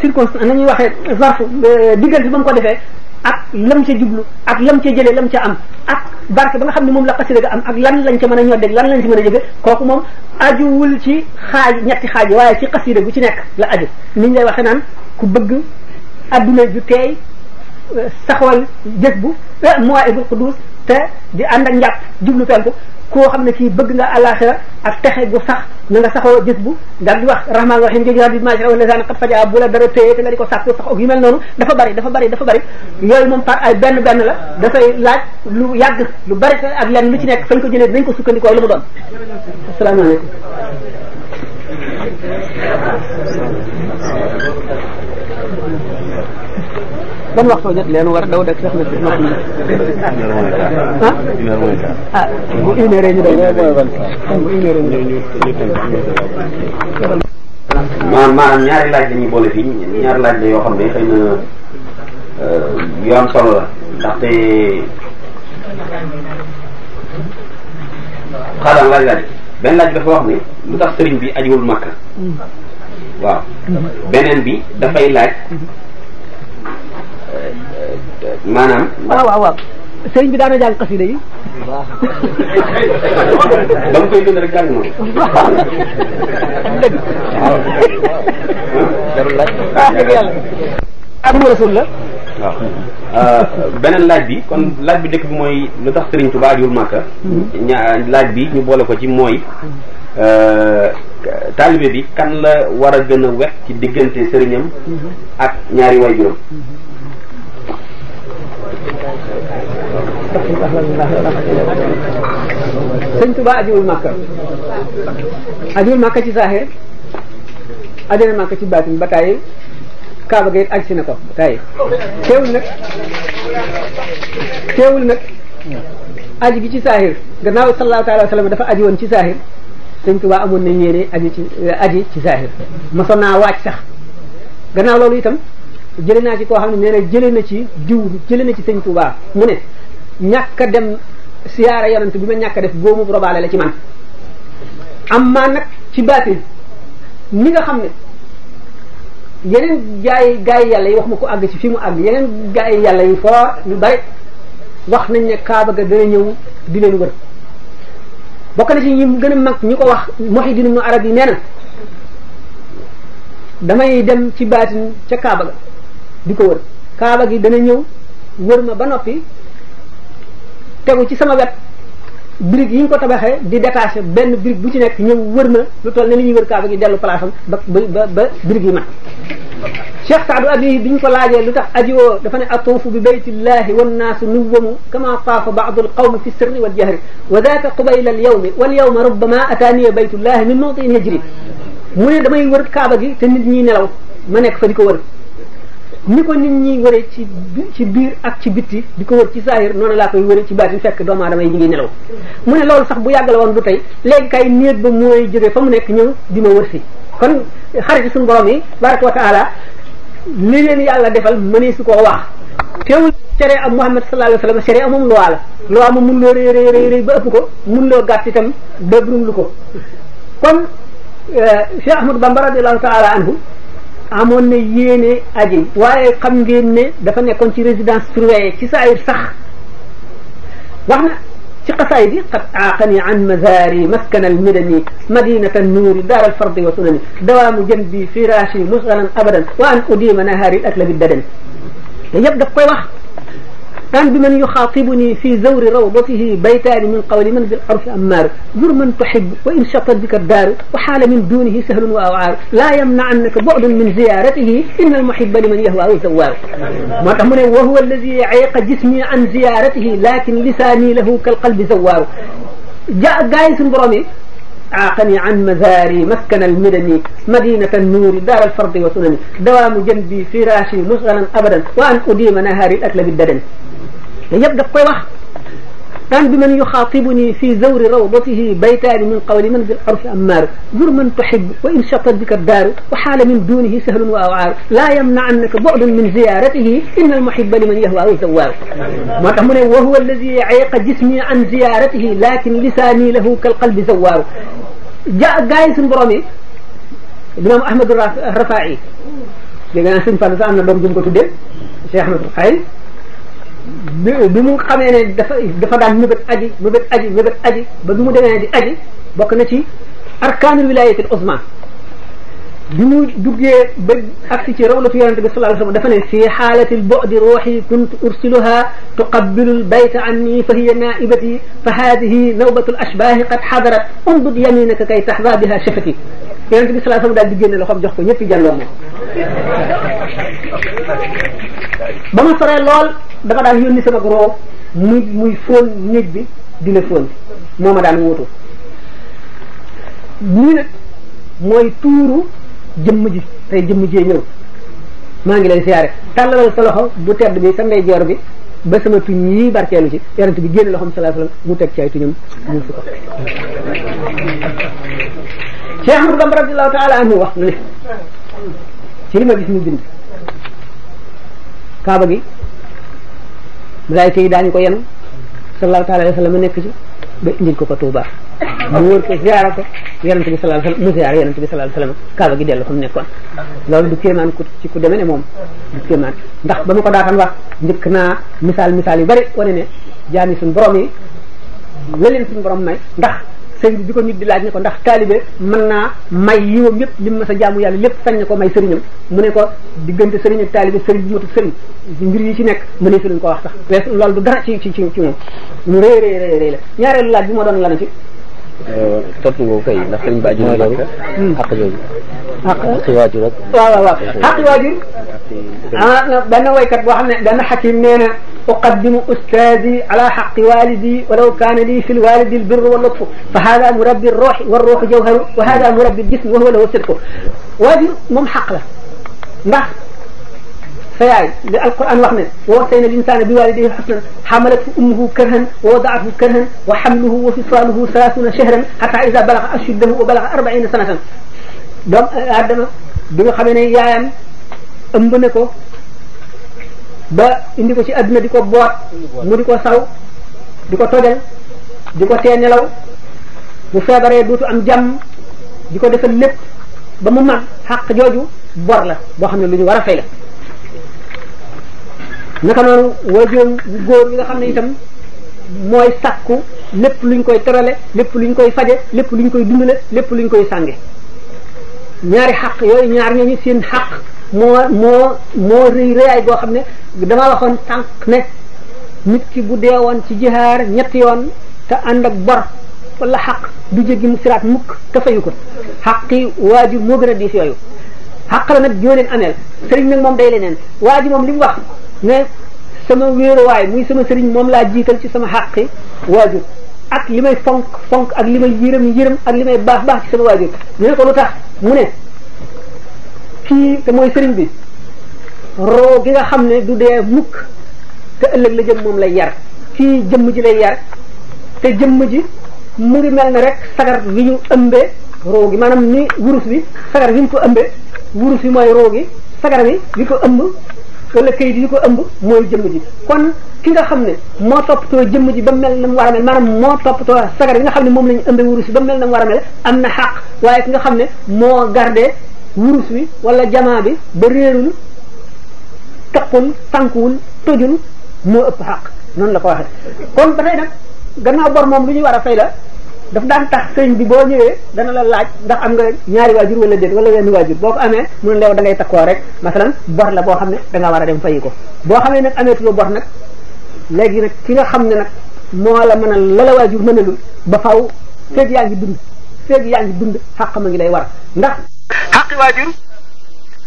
circonstance nañuy waxee zarf diggante ba mu ko defee ak lam ca jublu ak lam ca jëlee lam ci am ak barke ba nga xam ne moom la xasida ga am ak lan lañ ca mën a ñoddeeg lan lañ ci mën a jëfe kooku moom ajuwul ci xaaj ñetti xaaj waaye ci xasida gu ci nekk la aju niñ lay waxee naan ku bëgg adduna ju teey saxwal jës bu eh, mooy ibul qudus te di ànd ak njàpp jublu penku koo xam ne kii bëgg nga alaxira ak texe gu sax na nga saxoo gis bu daal di wax rahmaan rahim jooju rabbi maasira wala zaan xat faja bu ko sàkku sax ak yu mel noonu dafa bari dafa bari dafa bari yooyu moom par ay benn benn la dafay laaj lu yàgg lu bari ak lenn lu ci nekk fañ ko jëlee nañ ko sukkandikoo lu mu doon asalaamaaleykum ban waxtu jot leen war a daw rek sax na si noppi ah ah bu ñaari laaj la ñuy boole fi ñaari laaj la yoo xam ne xëy na euh, yu am solo la ndaxte xaaral laaj laaj benn laaj dafa wax ne lu tax sëriñ bi ajuwul makka mm. waaw beneen bi dafay laaj mm-hmm. maanaam. waaw sëriñ bi daana jàng xasida yi. ba mu koy bind rek jàng moom. waaw euh, beneen laaj bi kon laaj bi dëkk bi mooy lu tax Sëriñ Tuubaa ajul Màkka. laaj bi ñu boole ko ci mooy. Euh, taalibe bi kan la war a gën a wet ci diggante sëriñam. ak ñaari waajuram. sëñ Tuba ajiwul Màkka ajiwul Màkka ci saaxir ajina Màkka ci baatin ba tàyyi Kaaba ga it aj na ko ba teewul nag teewul nag aji gi ci saaxir gannaaw sallallahu taala wa sallam dafa aji woon ci saaxir sëñ Tuba amoon na ñeene aji ci aji ci saaxir mosoon waaj sax gannaaw loolu itam jële naa ci koo xam ne nee na ci diw jële na ci sëñ Tuba mu ñàkk a dem siyaara yonent bi ma ñàkk a def góomu robaale la ci man amma nag ci baatin ni nga xam ne yeneen gaay gaay yàlla yi wax ma ko àgg ci fi mu am yeneen gaay yàlla yi foor ñu bari wax nañ ne kaaba ga dana ñëw di leen wër bokk na ci ñi gën a mag ñi ko wax Muhyiddin Ibn Arabi nee na damay dem ci baatin ca kaaba ga di ko wër kaaba gi dana ñëw wër ma ba noppi tegu ci sama wet brique yi ñu ko tabaxe di détaché benn brique bu ci nekk ñëw wër na lu toll ne li ñuy wër kaaba gi dellu place am ba ba ba brique yi mat cheikh saadu abi bi ñu ko laajee lu tax aji woo dafa ne atuufu bi baytillahi wannaasu nuwamu kama taafa baadu alqawmi fi sirri waljahri wa daaka qubayla alyawmi walyawma rubbama ataaniya baytullahi min mawtiin yajri mu ne damay wër kaaba gi te nit ñi nelaw ma nekk fa ko wër ni ko nit ñi wëree ci ci biir ak ci bitti di ko wër ci saahir noonu laa koy wëree ci baatin fekk doomu aadama yi ñu ngi nelaw mu ne loolu sax bu yàgg la woon du tey léegi kay néeg ba mooy jógee fa mu nekk ñëw di ma wër si kon xarit suñu borom yi baraka wa taala li leen yàlla defal mënee su koo wax teewul cere am Muhammad sallallahu alayhi wa sallam cere amum loi la loi ma mun loo rëy rëy rëy ko mun loo gàtt itam dëgrum lu ko kon euh, Cheikh Ahmadou Bamba radiyallahu taala anhu amoon na yéene aji waaye xam ngeen ne dafa nekkoon ci résidence surveillée ci saayir sax wax na ci xasaay bi qad aaqani an mazari maskana almidani madinata nuuri daar alfardi wa sunani dawaamu janbi firashi musgalan abadan wa an udima nahari al akla biddaden te yëpp daf koy wax كان بمن يخاطبني في زور روضته بيتان من قول من بالعرف أمار زر من تحب وإن شطت بك الدار وحال من دونه سهل وأوعار لا يمنعنك بعد من زيارته إن المحب لمن يهواه زوار ما تمنى وهو الذي عيق جسمي عن زيارته لكن لساني له كالقلب زوار جاء جاي سنبرمي عاقني عن مزاري مسكن المدني مدينة النور دار الفرد وسنني دوام جنبي فراشي مشغلا أبدا وأن أديم نهاري الأكل بالددن te yëpp daf koy wax daan bi man yuxaatibuni fi zawri rawdatihi baytaani min qawli man bil arfi ammaaru zur man tuhib wa in shatat bika daaru wa xaala min dunihi sahlun wa awaaru laa yamna'annaka bu'dun min ziyaratihi inna almuhibba liman yahwaahu zawaaru moo tax mu ne wa huwa alladi ayqa jismi an ziyaratihi lakin lisaani lahu kal qalbi zawaaru ja gaa yi suñu borom yi imaam Ahmad Rafaa'i dégg naa suñu Fall sax am na doom bu mu ko tuddee Cheikh Ahmad Rafaa'i bi mu xamee ne dafa dafa daan mëbët aji mëbët aji mëbët aji ba bi mu demee di aji bokk na ci arkaanul wilaayatil uzma bi mu duggee ba agsi ci rawlatu yonente bi sallallahu alayhi wa sallam dafa ne fi xaalatil bu'di ruuxi kuntu ursiluha tuqabbilul bayta anni fa hiya naa'ibati fa haadihi nawbatul ashbaahi qad xadarat umdud yaminaka kay taxdaa biha shafati yonent bi sallallahu alayhi wasallam daal di génne loxoom jox ko ñëpp jàlloo moom ba ma soree lool dafa daan yónni sama roob muy muy fóon néeg bi dina fóon moo ma daan wuutu nii nag mooy tuuru jëmm ji tey jëmm jee ñëw maa ngi lay siyaare tàllalal sa loxo bu tedd bi sa ndeyjoor bi ba sama tuñ yi barkeelu ci yonent bi génne loxoom sallallahu alayhi wasallam mu teg ci ay tuñam muusu ko Cheikh Ahmadou Bamba radiyallahu taala wax na ne ci lima ma gis mu bind kaaba gi malaayika yi daañu ko yenu sallallahu taala alayhi wa sallam nekk ci ba indil ko ko Tuuba mu wër ko ziara ko yonente bi sallallahu alayhi mu ziara yonente bi sallallahu alayhi kaaba gi dello fa mu nekkoon loolu du kéemaan ku ci ku demee ne moom du kéemaan ndax ba ma ko daataan wax njëkk naa misaal misaal yu bari wane ne jaami suñu borom yi la borom may ndax sëriñ bi ko nit di laaj ne ko ndax taalibe mën naa may yiwam yëpp lim ma sa jaamu yàlla lépp sañ na ko may sëriñam mu ne ko diggante sëriñ ak taalibe sëriñ bi matut sëriñ mbir yi ci nekk mënee sëriñ ko wax sax wees loolu du dara ci ci ñu rëy rëy rëy la ñaareelu laaj bi moo doon lan ci euh, topp nga kay ndax sëriñ bi ajju loolu xaq jooju hmm. xaqi waajur rek waaw waaw waaw xaqi waajur ah benn waykat boo xam ne benn xakim nee na أقدم أستاذي على حق والدي ولو كان لي في الوالد البر واللطف فهذا مربي الروح والروح جوهر وهذا مربي الجسم وهو له صدقه waajur moom xaq la ndax sa yaay li alquran wax ne wa wasayna linsaana bi waalidayhi xusnan xamalathu ummuhu karhan wa wadaathu karhan wa xamluhu wa fisaaluhu salaasuna shahran xata ida balaga ashuddahu wa balaga arbaina sanatan doom aadama bi nga xamee ne yaayam ëmb na ko ba indi ko ci àdduna di ko boot mu di ko saw di ko tojal di ko tee nelaw bu feebaree dootu am jàmm di ko defal lépp ba mu mag xàq jooju bor la boo xam ne lu ñu war a fay la naka noonu waajuram bu góor yi nga xam ne itam mooy sàkku lépp luñ koy terale lépp lu luñ koy faje lépp luñ koy dundale lépp luñ koy sànge ñaari xaq yooyu ñaar ñooñu seen xaq moo moo moo rëy rëyaay xam ne dama waxoon tànk ne nit ki bu dee woon ci jihaar ñetti yoon te ànd ak bor wala xaq du jéggi mu siraat mukk te fayu ko xaqi waajur moo gën a diis yooyu xaq la nag leen ameel sëriñ nag moom day leneen waajur moom li mu wax ne sama wéeruwaay muy sama sëriñ moom laa jiital ci sama xaqi waajur ak li may fonk fonk ak li may yërëm yërëm ak li may baax baax ci sama waajur ñu ne ko lu tax mu ne kii te mooy sëriñ bi roo gi nga xam ne du dee mukk te ëllëg la jëm moom lay yar kii jëmm ji lay yar te jëmm ji mu ngi mel ne rek sagar wi ñu ëmbee roo gi maanaam ni wurus bi sagar wi ñu ko ëmbee wurus bi mooy roo gi sagar wi wi ko ëmb wala kayit yi ko ëmb mooy jëmm ji kon ki nga xam ne moo toppatoo jëmm ji ba mel na mu war a mel maanaam moo toppatoo sagar bi nga xam ne moom la ñu ëmbe wurus bi ba mel na mu war a mel am na xaq waaye ki nga xam ne moo gardé wurus wi wala jamaa bi ba réerul toqul sànkuwul tojul moo ëpp xaq noonu la ko waxee kon ba tey nag gannaaw bor moom lu ñuy war a fay la daf daan tax sëñ bi boo ñëwee dana la laaj ndax am nga ñaari waajur wala déet wala wenn waajur boo ko amee mun leew da ngay takkoo rek masalan bor la boo xam ne da war a dem fay ko boo xamee nag ameetuloo bor nag léegi nag ki nga xam ne nag moo la mën a la waajur mën a lul ba faw feeg yaa ngi dund feeg yaa ngi dund xàqama ngi lay war ndax xaqi waajur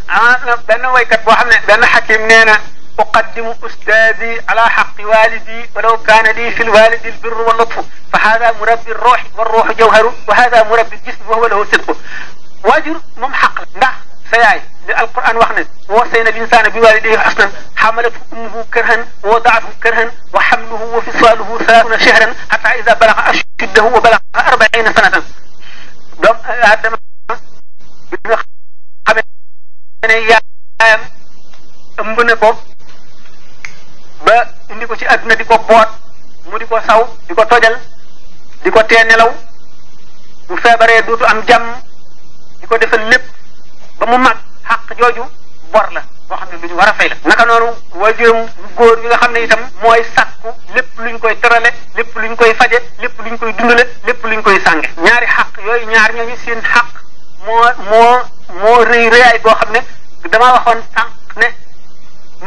ah benn waykat boo xam ne benn xakim nee na uqaddimu ustaadi ala xaqi walidi walaw kaana lii fi lwalidi lbirru wa lutfu fa hada murabbi ruuxi wa ruuxu jawharu wa hada murabbi jismi wa huwa lahu sidqu waajur moom xaq la ndax sa yaay li alquran wax ne wasayna linsaana bi waalidayhi xusnan xamalathu ummuhu karhan wa wadaathu karhan wa xamluhu wa fisaaluhu salaatuna shahran xata ida balaga ashuddahu wa balaga arbaina sanatan doom aadama bi nga xamee ne yaayam ëmb na ko ba indi ko ci àdduna di ko boot mu di ko saw di ko tojal di ko tee nelaw bu feebaree dootu am jam di ko defal lépp ba mu mag xaq jooju bor la boo xam ne lu ñu war a fay la naka noonu waajuram góor bi nga xam ne itam mooy sàkku lépp luñ koy tërale lépp lu ñu koy faje lépp lu ñu koy dundale lépp lu ñu koy sànge ñaari xaq yooyu ñaar ñooñu seen xaq moo moo moo rëy rëyaay boo xam ne dama waxoon sànq ne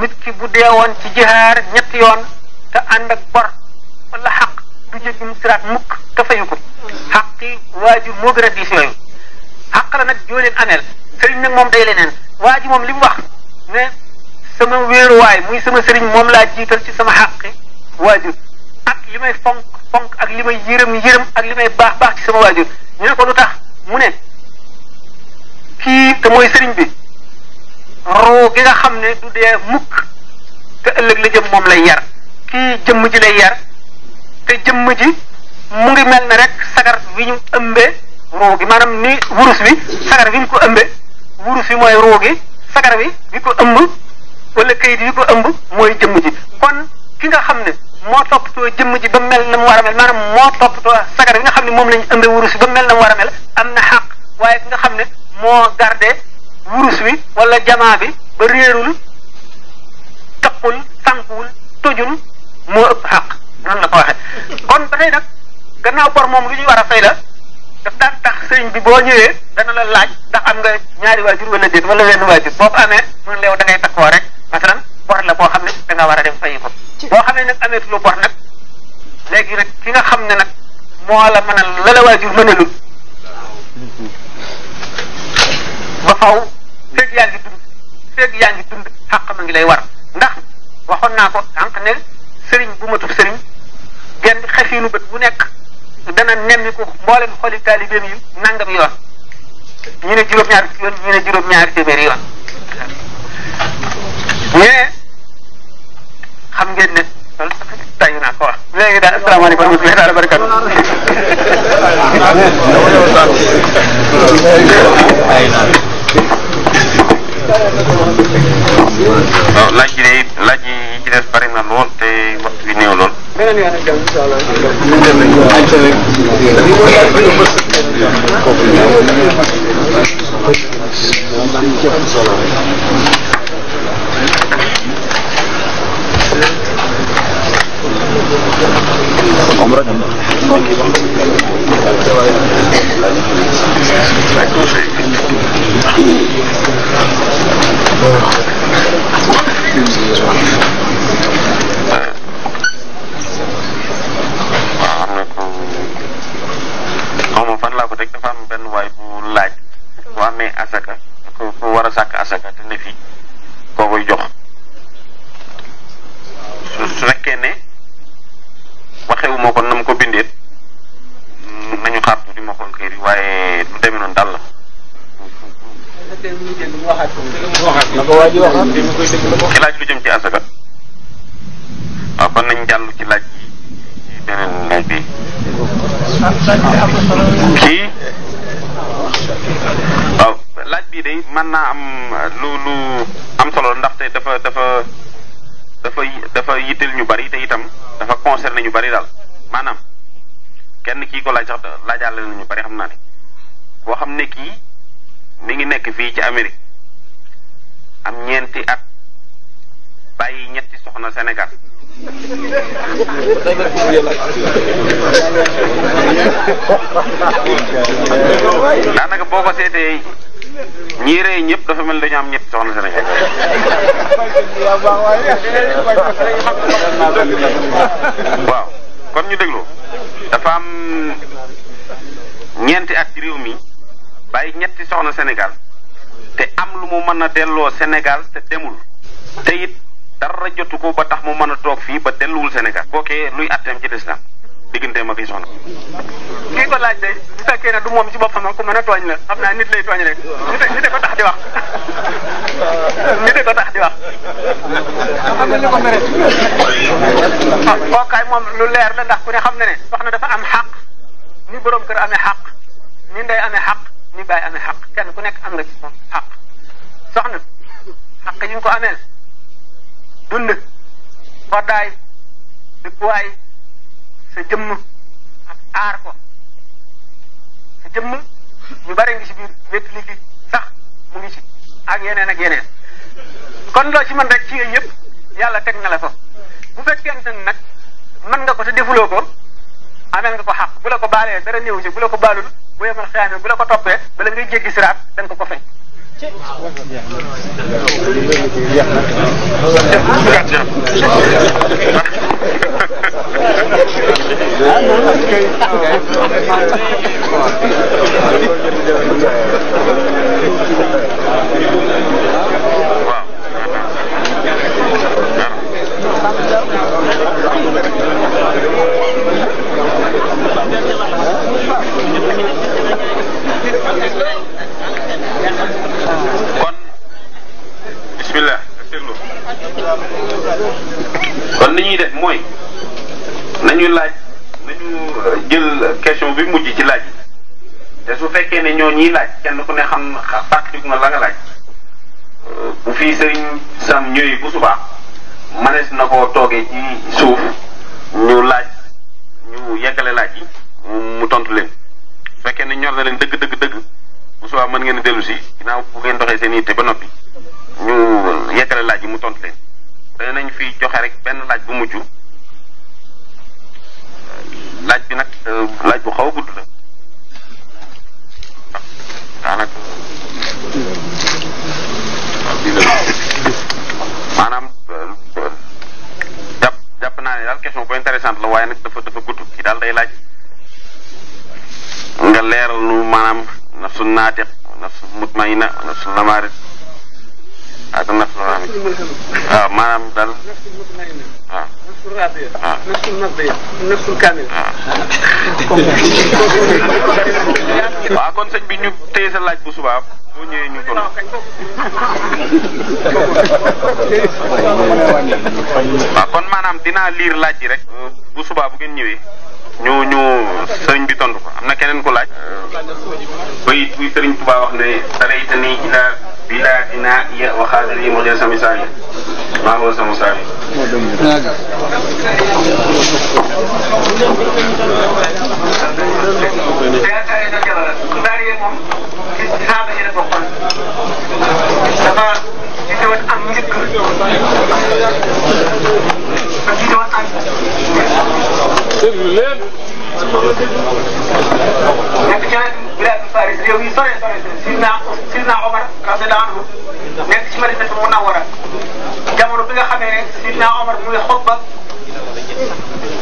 nit ki bu deewoon ci jihaar ñetti yoon te ànd ak bor wala xaq du jéggi siraat mukk te fayu ko xaq waajur moo gën a diis yooyu xaq la nag joo ameel sëriñ nag moom day leneen waa ji moom li mu wax ne sama wéeruwaay muy sama sëriñ moom laa jiital ci sama xaqi waajur ak li may fonk fonk ak li may yërëm yërëm ak li may baax baax ci sama waajur ñu ne ko lu tax mu ne kii te mooy sëriñ bi ruu gi nga xam ne du dee mukk te ëllëg la jëm moom lay yar kii jëmm ji la yar te jëmm ji mu ngi mel ne rek sagar wi ñu ëmbee ruu gi maanaam ni wurus wi sagar wi ñu ko ëmbee wurus wi mooy ruu gi sagar wi wi ko ëmb wala kayit wi ko ëmb mooy jëmm ji kon ki nga xam ne moo toppatoo jëmm ji ba mel na mu war mel maanaam moo toppatoo sagar bi nga xam ne moom lañ ëmbe wurus bi ba mel na mu war mel am na xaq waaye ki nga xam ne moo garde wurus wi wala jamaa bi ba réerul toqul sànkuwul tojul moo ëpp xaq noonu la ko waxe kon ba tey nag gannaaw bor moom lu ñuy war a fay la daf daan tax sëriñ bi boo ñëwee dana la laaj ndax am nga ñaari waajur wala déet wala wenn waajur boo ko amee mën leew da ngay takkoo rek masalan bor la boo xam ne da nga war a dem fayi ko boo xam ne nag ameetuloo bor nag léegi nag ki nga xam ne nag moo la mënal la la waajur mënalul ba faw feeg yaa ngi dund feeg yaa ngi dund xàq ma ngi lay war ndax waxoon naa ko sànq sëriñ bu matub sëriñ genn xefiinu bët bu nekk dana nemmi ko mboolem xoli taalibeem yi nangam yoon ñu ne juróom-ñaari yoon ñu ne juróom-ñaari téeméeri yoon ñee xam ngeen ne loolu tàyyi naa ko wax léegi daal asalaamaaleykum wa rahmatulah daal barakatu ay laaj yi de laaj yi ci des bari na lool te waxtu bi néew lool. beneen yoon ak jàmm incha allah. Thank you. waaw am na ko xaw ma fan laa ko teg dafa am benn waay bu laaj bu amee asaka ci laaj lu jëm ci asaka. waaw kon nañ jàll ci laaj ci beneen laaj bi. kii. laaj bii day mën naa am lu lu am solo ndaxte dafa dafa dafa yitteel ñu bari te itam dafa concerné ñu bari daal maanaam kenn kii ko laaj sax laajaale na ñu bari xam naa boo xam ne kii mi ngi nekk fii ci Amérique. am ñeenti at bàyyi ñetti soxna Sénégal daanaka boo ko seetee ñii rey ñëpp dafa mel dañu am ñetti soxna Sénégal waaw kon ñu déglu dafa am ñeenti at ci réew mi bàyyi ñetti soxna Sénégal te am lu mu mën a delloo Sénégal te demul te it dara jotu ko ba tax mu mën a toog fii ba delluwul Sénégal. bookee luy atteem ci lislaam digganteem ak i soxna. kii ko laaj day bu fekkee ne du moom ci boppam ku mën a tooñ la xam naa nit lay tooñ rek nit a ko tax di wax nit a ko tax di wax. xam nga ko mere. ah kookaay moom lu leer la ndax ku ne xam na ne. wax na dafa am xaq ni borom kër amee xaq ni ndey amee xaq. ni bàyyi amee xaq kenn ku nekk am nga ci moom xaq soxna xaq yi ko ame dund koddaay dëkkuwaay sa jëmm ak aar ko sa jëmm ñu bare ngi ci biir lépp li sax mu ngi ci ak yeneen ak yeneen kon loo ci mën rek ci yooyu yëpp yàlla teg na la ko bu fekkente nag man nga ko te defuloo ko ameel nga ko xaq bu la ko baalee dara néew ci bu la ko baalul bu yemal xeyaame bu la ko toppee bala ngay jéggi siraat da nga ko ko kon bismillah kon li ñuy def mooy nañu laaj nañu jël question bi mujj ci laaj te su fekkee ne ñoo ñiy laaj kenn ku ne xam fàttaliku nga la nga laaj bu fii sëriñ sam ñëwee bu subaa manees na koo toogee ci suuf ñu laaj ñu yeggale laaj yi mu tontu leen su fekkee ne ñor na leen dëgg dëgg dëgg bu subaa mën ngeen a dellu si ginnaaw bu ngeen doxee seen yitte ba noppi ñu yeggale laaj yi mu tontu leen danañ fi joxe rek benn laaj bu mujj laaj bi nag euh, laaj bu xaw a gudd la maanaam euh, jàpp jàpp naa ne daal question bu intéressante la waaye nag dafa dafa gudd ki daal day laaj nga leeral lu maanaam nafsu naatiq nafsu mutmaina nafsu lamarit ak nafsu waaw maanaam dal waaw kon sëñ bi ñu téye sa laaj bu subaa boo ñëwee ñu toll. waaw kon maanaam dinaa liir laaj yi rek bu subaa bu ngeen ñëwee. ñu ñu sëriñ bi tontu ko am na keneen ku laaj. bayit buy sëriñ Tuubaa wax ne ilaa bilaadinaa ya wa xaadiri mu dee maa ngi woon sama xir leen. nekk ci wetu village bu Faris réew yi sore nekk ci Madinatu Munawwara jamono bi nga xamee ne Sidna Omar mu ngi xutba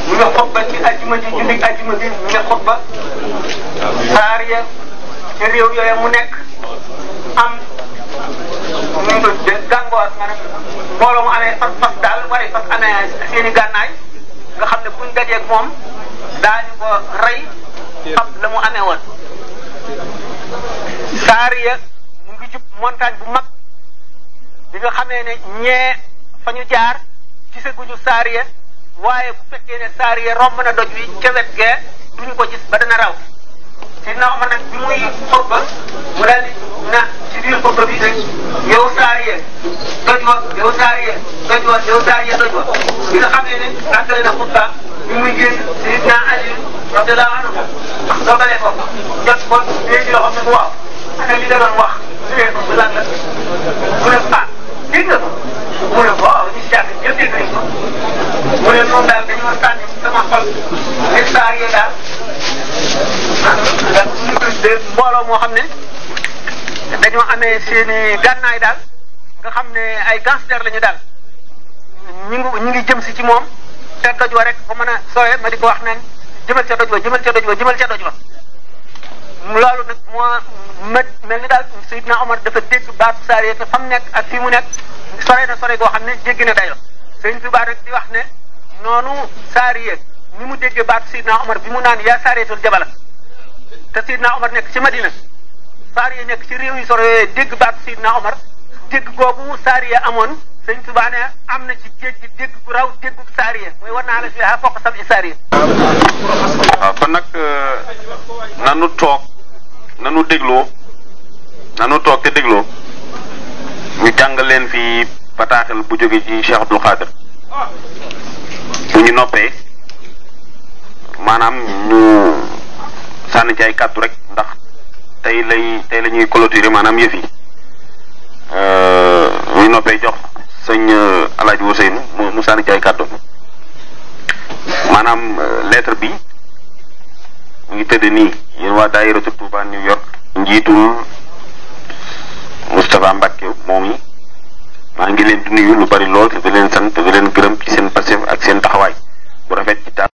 mu ngi xutba ci ajjuma ji julli ajjuma mu saariya ci réew yooyu mu nekk am nu mu tudd gàngoor maanaam mbooloo mu amee daal wala fas amee seen i nga xam ne ñu dajeeg moom daañu ko rey xam la mu amee woon saariya mu ngi jub montagne bu mag bi nga xamee ne ñee fa ñu jaar gisaguñu saariya waaye bu fekkee ne saariya romb na doj wi ca wet gee duñu ko gis ba dana raw Seydina Omar nag bi muy xutba mu daal di na ci biir xutba bi rek yow Saariya doj wa yow Saariya doj wa yow Saariya doj wa bi nga xam ne ne àggale na xutba bi muy génn Seydina Ali radiyallahu anhu dogalee ko jot ko léegi loo xam ne bu waaw ana li nga doon wax su dee ko lan la mu ne ah dégg nga ko mu ne waaw ñu si jàpp ñëpp dégg nañ ko mu ne noonu daal dañoo sànni sama xol ne Saariya daal de mbooloo moo xam ne dañoo amee seeni gànnaay daal nga xam ne ay gangster lañu daal ñi ñu ñi ngi jëm si ci moom te doj wa rek ba mën a sooye ma di ko wax naan jëmal ca doj wa jëmal ca doj wa jëmal ca doj wa loolu nag moo ma mel ni daal Seydina Omar dafa dégg baatu saariya te fa mu nekk ak fii mu nekk sore na sore goo xam ne jéggi na dayo sëñ Tuubaa rek di wax ne noonu saariya ni mu déggee baatu Seydina Omar bi mu naan yaa saareetul jabala te Seydina Omar nekk ci Madina saariya nekk ci réew yi sore yooyu dégg baatu Seydina Omar dégg googu saariya amoon sëñ Tuubaa ne am na ci géej gi dégg gu raw déggu mooy war naa la fi ah fokk sam i saariya. waaw euh, nanu toog nanu dégloo nanu toog te dégloo ñu jàng leen fi bataaxal bu jóge ci Cheikh Abdoul Khadir bu ñu noppee. maanaam ñu sànni ci ay rek ndax tey lay tey la ñuy clôturer maanaam yëf yi euh, ñu noppee jox sëñ euh, Alaaji Ousseynou mu mu sànni ci ay kàddu maanaam euh, lettre bi mu ngi tëdd nii yéen waa daayiratu Touba New York njiitul Moustapha Mbacke moom yi maa ngi leen di nuyu lu bari lool te leen sant te leen gërëm ci seen passif ak seen taxawaay bu rafet ci